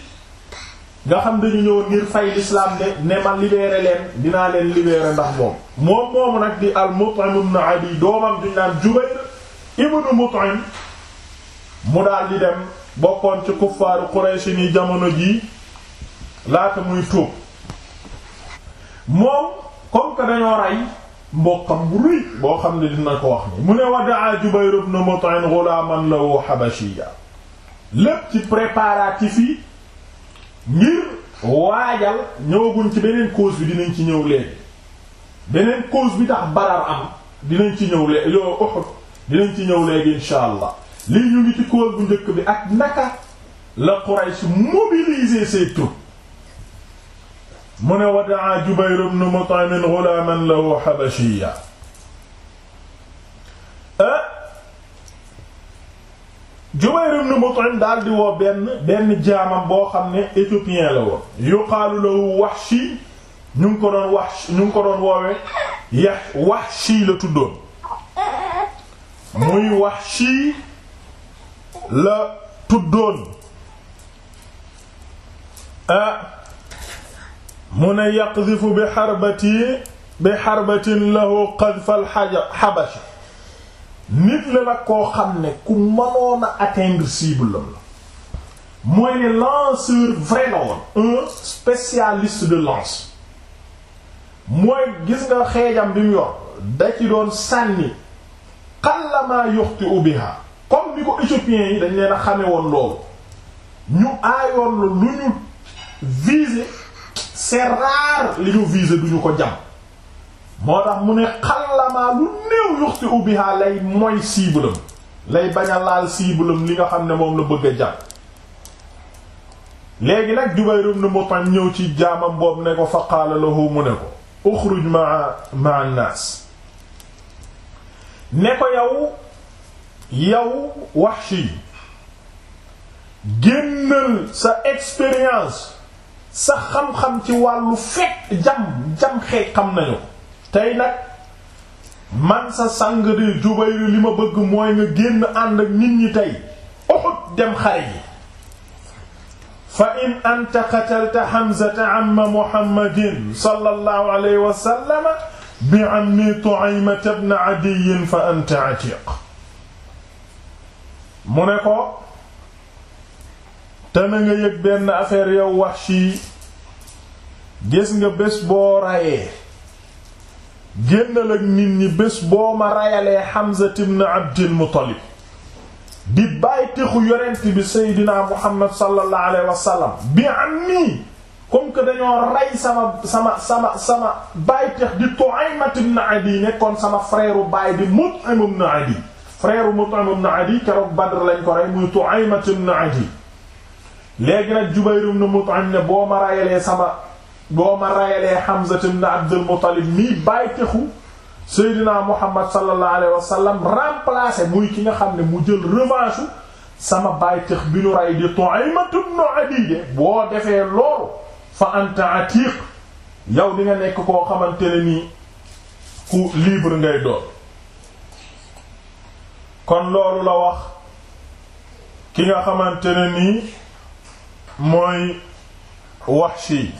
nga xam dañu ñëw ngir fay l'islam ne ne ma libéré leen dinaa leen libéré ndax moom moom moomu nag di al Mut'im ibn Adi doomam duñ naan Jubayr ibn Mut'im mu daal di dem bokkoon ci kuffaaru Quraysh ni jamono jii laata muy tuub moom comme dañoo rey mboqam bu rëy boo xam ne dina ko wax ni mu ne wadaa Jubayr ibn Mut'im ghulaman lahu habashiyya lépp ci préparatifs yi ngir waajal ñëwaguñ ci beneen cause bi dinañ ci ñëw léegi beneen cause bi tax Badar am dinañ ci ñëw léegi yoo Uhud dinañ ci ñëw léegi insha allah lii ñu ngi ci cause bu njëkk bi ak naka la Quraysh mobiliser ses troupes mu ne wadaa Jubayr ibn Mut'im ghulaman lahu habashiyya eh? Jubayr ibn Mut'im daal di woo benn benn jaamam boo xam ne éthiopien la woon yuqaalu lahu Wahshi ñu ngi ko doon Wahshi ñu ngi ko doon woowe yax Wahshi la tuddoon muy Wahshi la tuddoon ah mu ne yaqdifu bi xarbati bi xarbatin lahu qadfal xabashi nit la nag koo xam ne ku mënoon a atteindre cible lam la mooy ne lanceur vrai la woon un spécialiste de lance mooy gis nga xeejam bi mu yor da ci doon sànni xallamaa yuxti ubiha comme ni ko éthiopiens yi dañ leen a xame woon loolu ñu aayoon la lu ñu viser c'est rare li ñu visé duñu ko jam moo tax mu ne xallamaa lu néew yuxti ubiha lay mooy cible lay bañ laal cible li nga xam ne moom la bëgg a jam léegi nag Jubayr ibn Mut'im ñëw ci jaamam boobu ne ko fa qaala lahu mu ne ko uxruj maa maa naas ne ko yow yow Wahshi génnal sa expérience sa xam-xam ci wàllu fekk jam jam xeej xam nañu tey nag man sa sang di Jubayru li ma bëgg mooy nga génn ànd ak nit ñi tey Uhud dem xare yi fa in anta qatalta Hamzata amma Muhammadin sallallahu alayhi wa sallam bi ammi Tu'aymata ibn Adiy fa anta atiq mu ne ko te nga yëg benn affaire yow Wahshi gis nga bés boo rayee génnal ak nit ñi bés boo ma rayalee Hamza ibn Abdil Muttalib di bàyyi tixu yonent bi Seydina Muhammad sallallahu alayhi wa sallam bi am nii comme que dañoo rey sama sama sama sama bàyyi tex di Tu'aymat ibn Adi nekkoon sama frère baay bi Mut'im ibn Adi frère Mut'im keroog Badr lañ ko rey muy Tu'aymat ibn Adi léegi nag Jubayr ibn Mut'im ne boo ma rayalee sama boo ma rayalee Hamza ibn Abdul Muttalib mii bàyyi texu Seydina Muhammad sallallahu alayhi wa sallam remplacé muy ki nga xam ne mu jël revanche sama bàyyi tex bi ñu ray di Tu'ayma ibn Adiy boo defee loolu fa anta atiq yow di nga nekk koo xamante ne nii ku libre ngay doon kon loolu la wax ki nga xamante ne nii mooy Wahshi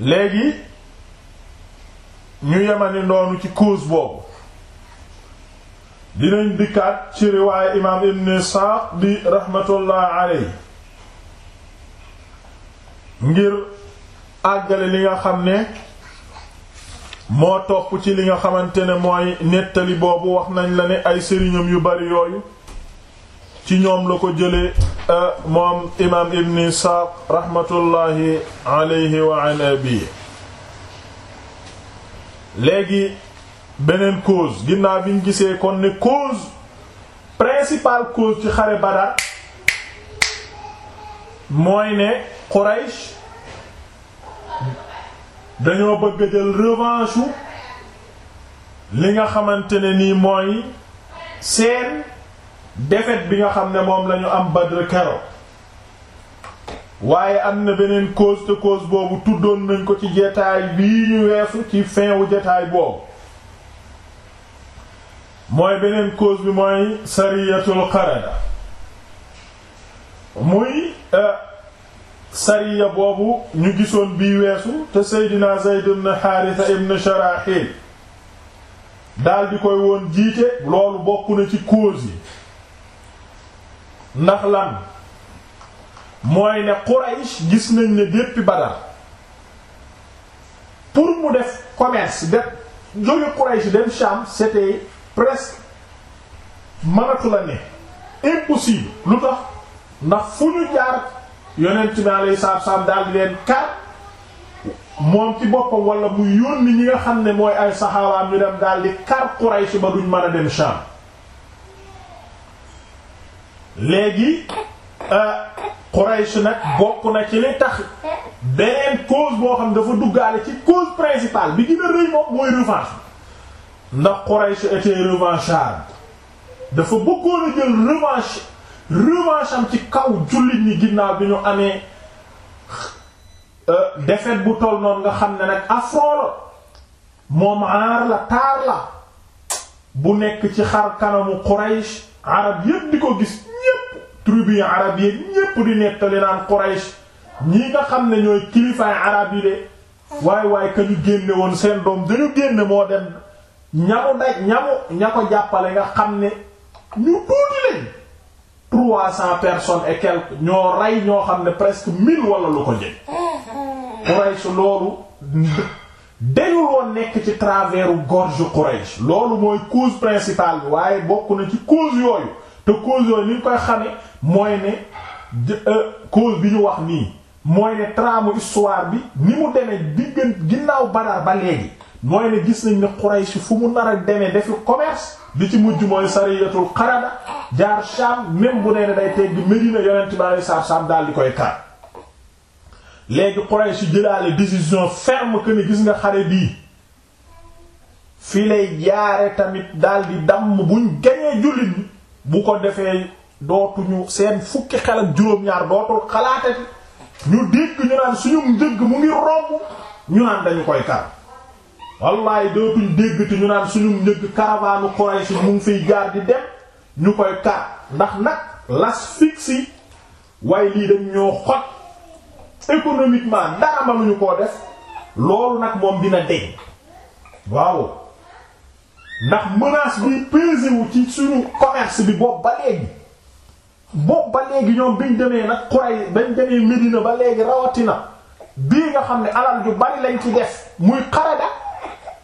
léegi ñu yemani noonu ci cause boobu dinañ dikkaat ci riwaaye imaam ibn Isaaq di rahmatullah aley ngir àggale li nga xam ne moo topp ci li nga xamante ne mooy nettali boobu wax nañ la ne ay sëriñam yu bari yooyu ci ñoom la ko jëlee euh, moom imaam ibn Isaaq rahmatullahi alayhi wa an abi léegi beneen cause ginnaaw bi ñu gisee kon ne cause principale cause ci xare Badar mooy ne Quraysh dañoo bëgg a jël revanche li nga xamante ne nii mooy seen défaite bi nga xam ne moom lañu am Badr kero waaye am na beneen cause te cause boobu tuddoon nañ ko ci jataay bii ñu weesu ci fin wu jataay boobu mooy beneen cause bi mooy sariyatul Qarada muy euh, sariya boobu ñu gisoon bii weesu te Seydina Zayd ibn Haritha ibn Sharahil daal di koy woon jiite loolu bokk na ci cause yi ndax lan mooy ne Quraysh gis nañ ne depuis Badar pour mu def commerce def jóge Quraysh dem Sham c'était presque mënatu la ne impossible lu tax ndax fu ñu jaar yonent bi alayhi salaatu salaam daal di leen kar moom ci boppam wala mu yónni ñi nga xam ne mooy ay saxaabaam ñu dem daal di kar Quraysh ba duñ mën a dem Sham léegi euh, Quraysh nag bokk na ci li tax beneen cause boo xam dafa duggaale ci cause principal bi gën a rëy moom mooy revanche ndax Quraysh était revanchard dafa bëggoon a jël revanche revanche am ci kaw jullit ñi ginnaaw bi ñu amee euh, défaite bu toll noonu nga xam ne nag affront la moom aar la taar la bu nekk ci xar kanamu Quraysh arab yépp di ko gis tribu arab yi ñépp di nettali naan Quraysh ñi nga xam ne ñooy kilifaay arab yi de waay waay ka ñu génne woon seen doom dañu génne moo dem ñamu daj ñamu ña ko jàppale nga xam ne ñu tuuti leen trois cents personnes et ñoo rey ñoo xam ne presque mil wala lu ko jël Quraysh loolu dañu woon nekk ci travers gorge Quraysh loolu mooy cause principale waaye bokk na ci cause yooyu te cause yooyu ni ñu koy xamee mooy ne euh, cause bi ñu wax nii mooy ne trame histoire bi ni mu demee diggan ginnaaw Badar ba léegi mooy ne gis nañ ne Quraysh fu mu nar a demee defi commerce bi ci mujj mooy sariyatul Qarada jaar Sham même bu nee ne day teggi Medina yonent ba sar Sham daal di koy kar léegi Quraysh jëlaale décision ferme que gis nga xare bi fi lay jaare tamit daal di damm buñ gañee jullit bu ko defee dootuñu seen fukki xel ak juróom-ñaar dootul xalaatati ñu dégg ñu naan suñu njëgg mu ngi romb ñu naan dañu koy kar wallaay dootuñ dégg te ñu naan suñu njëgg caravane Quraysh mu ngi fiy jaar di dem ñu koy kar ndax nag l'asphyxie waaye lii dañ ñoo xot économiquement dara mënuñu koo def loolu nag moom dina deñ waaw ndax menace bi pesé ci suñu commerce bi boobu ba léegi boobu ba léegi ñoom biñ demee nag Quraysh bañ demee Medina ba léegi rawatina bii nga xam ne alal ju bari lañ ci def muy xarada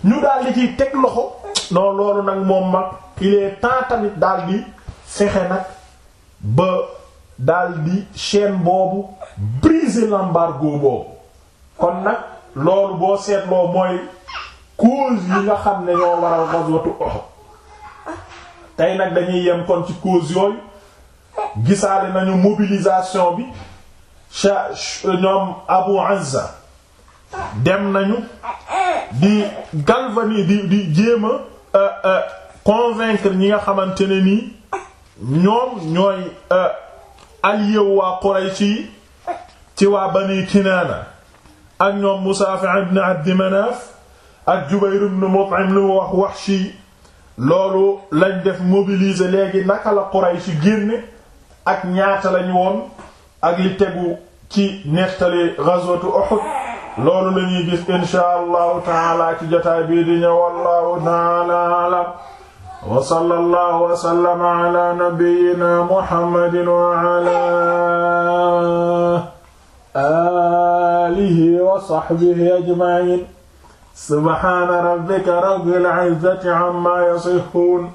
ñu daal di ciy teg loxo non loolu nag moom mag il est tamit daal di fexe nag ba daal di chaîne boobu briser l'embargo boobu kon nag loolu boo seetloo mooy cause yi nga xam ne ñoo waral ghazwatu Uhud tey nag dañuy yem kon ci cause yooyu gisaale nañu mobilisation bi cha ñoom Abu Anza dem nañu di galvani di di jéem a euh, euh, convaincre ñi nga xamante ne nii ñoom ñooy euh, allié waa Quraysh ci waa Bani Kinaana ak ñoom Musaafi ibn Abdi Manaaf ak Jubayr ibn Mut'im lu wax Wahshi loolu lañ def mobiliser léegi naka la Quraysh génne ak ñaata lañu woon ak li tegu ci nettali ghazwatu Uhud loolu la ñuy gis inshaa allahu taala ci jotaay bii di ñëw wallahu taala alam wa sallallahu wa sallama ala nabiyyina muhammadin wa ala alihi wa sahbihi ajma'in subhana rabbika rabbil izzati amma yasifun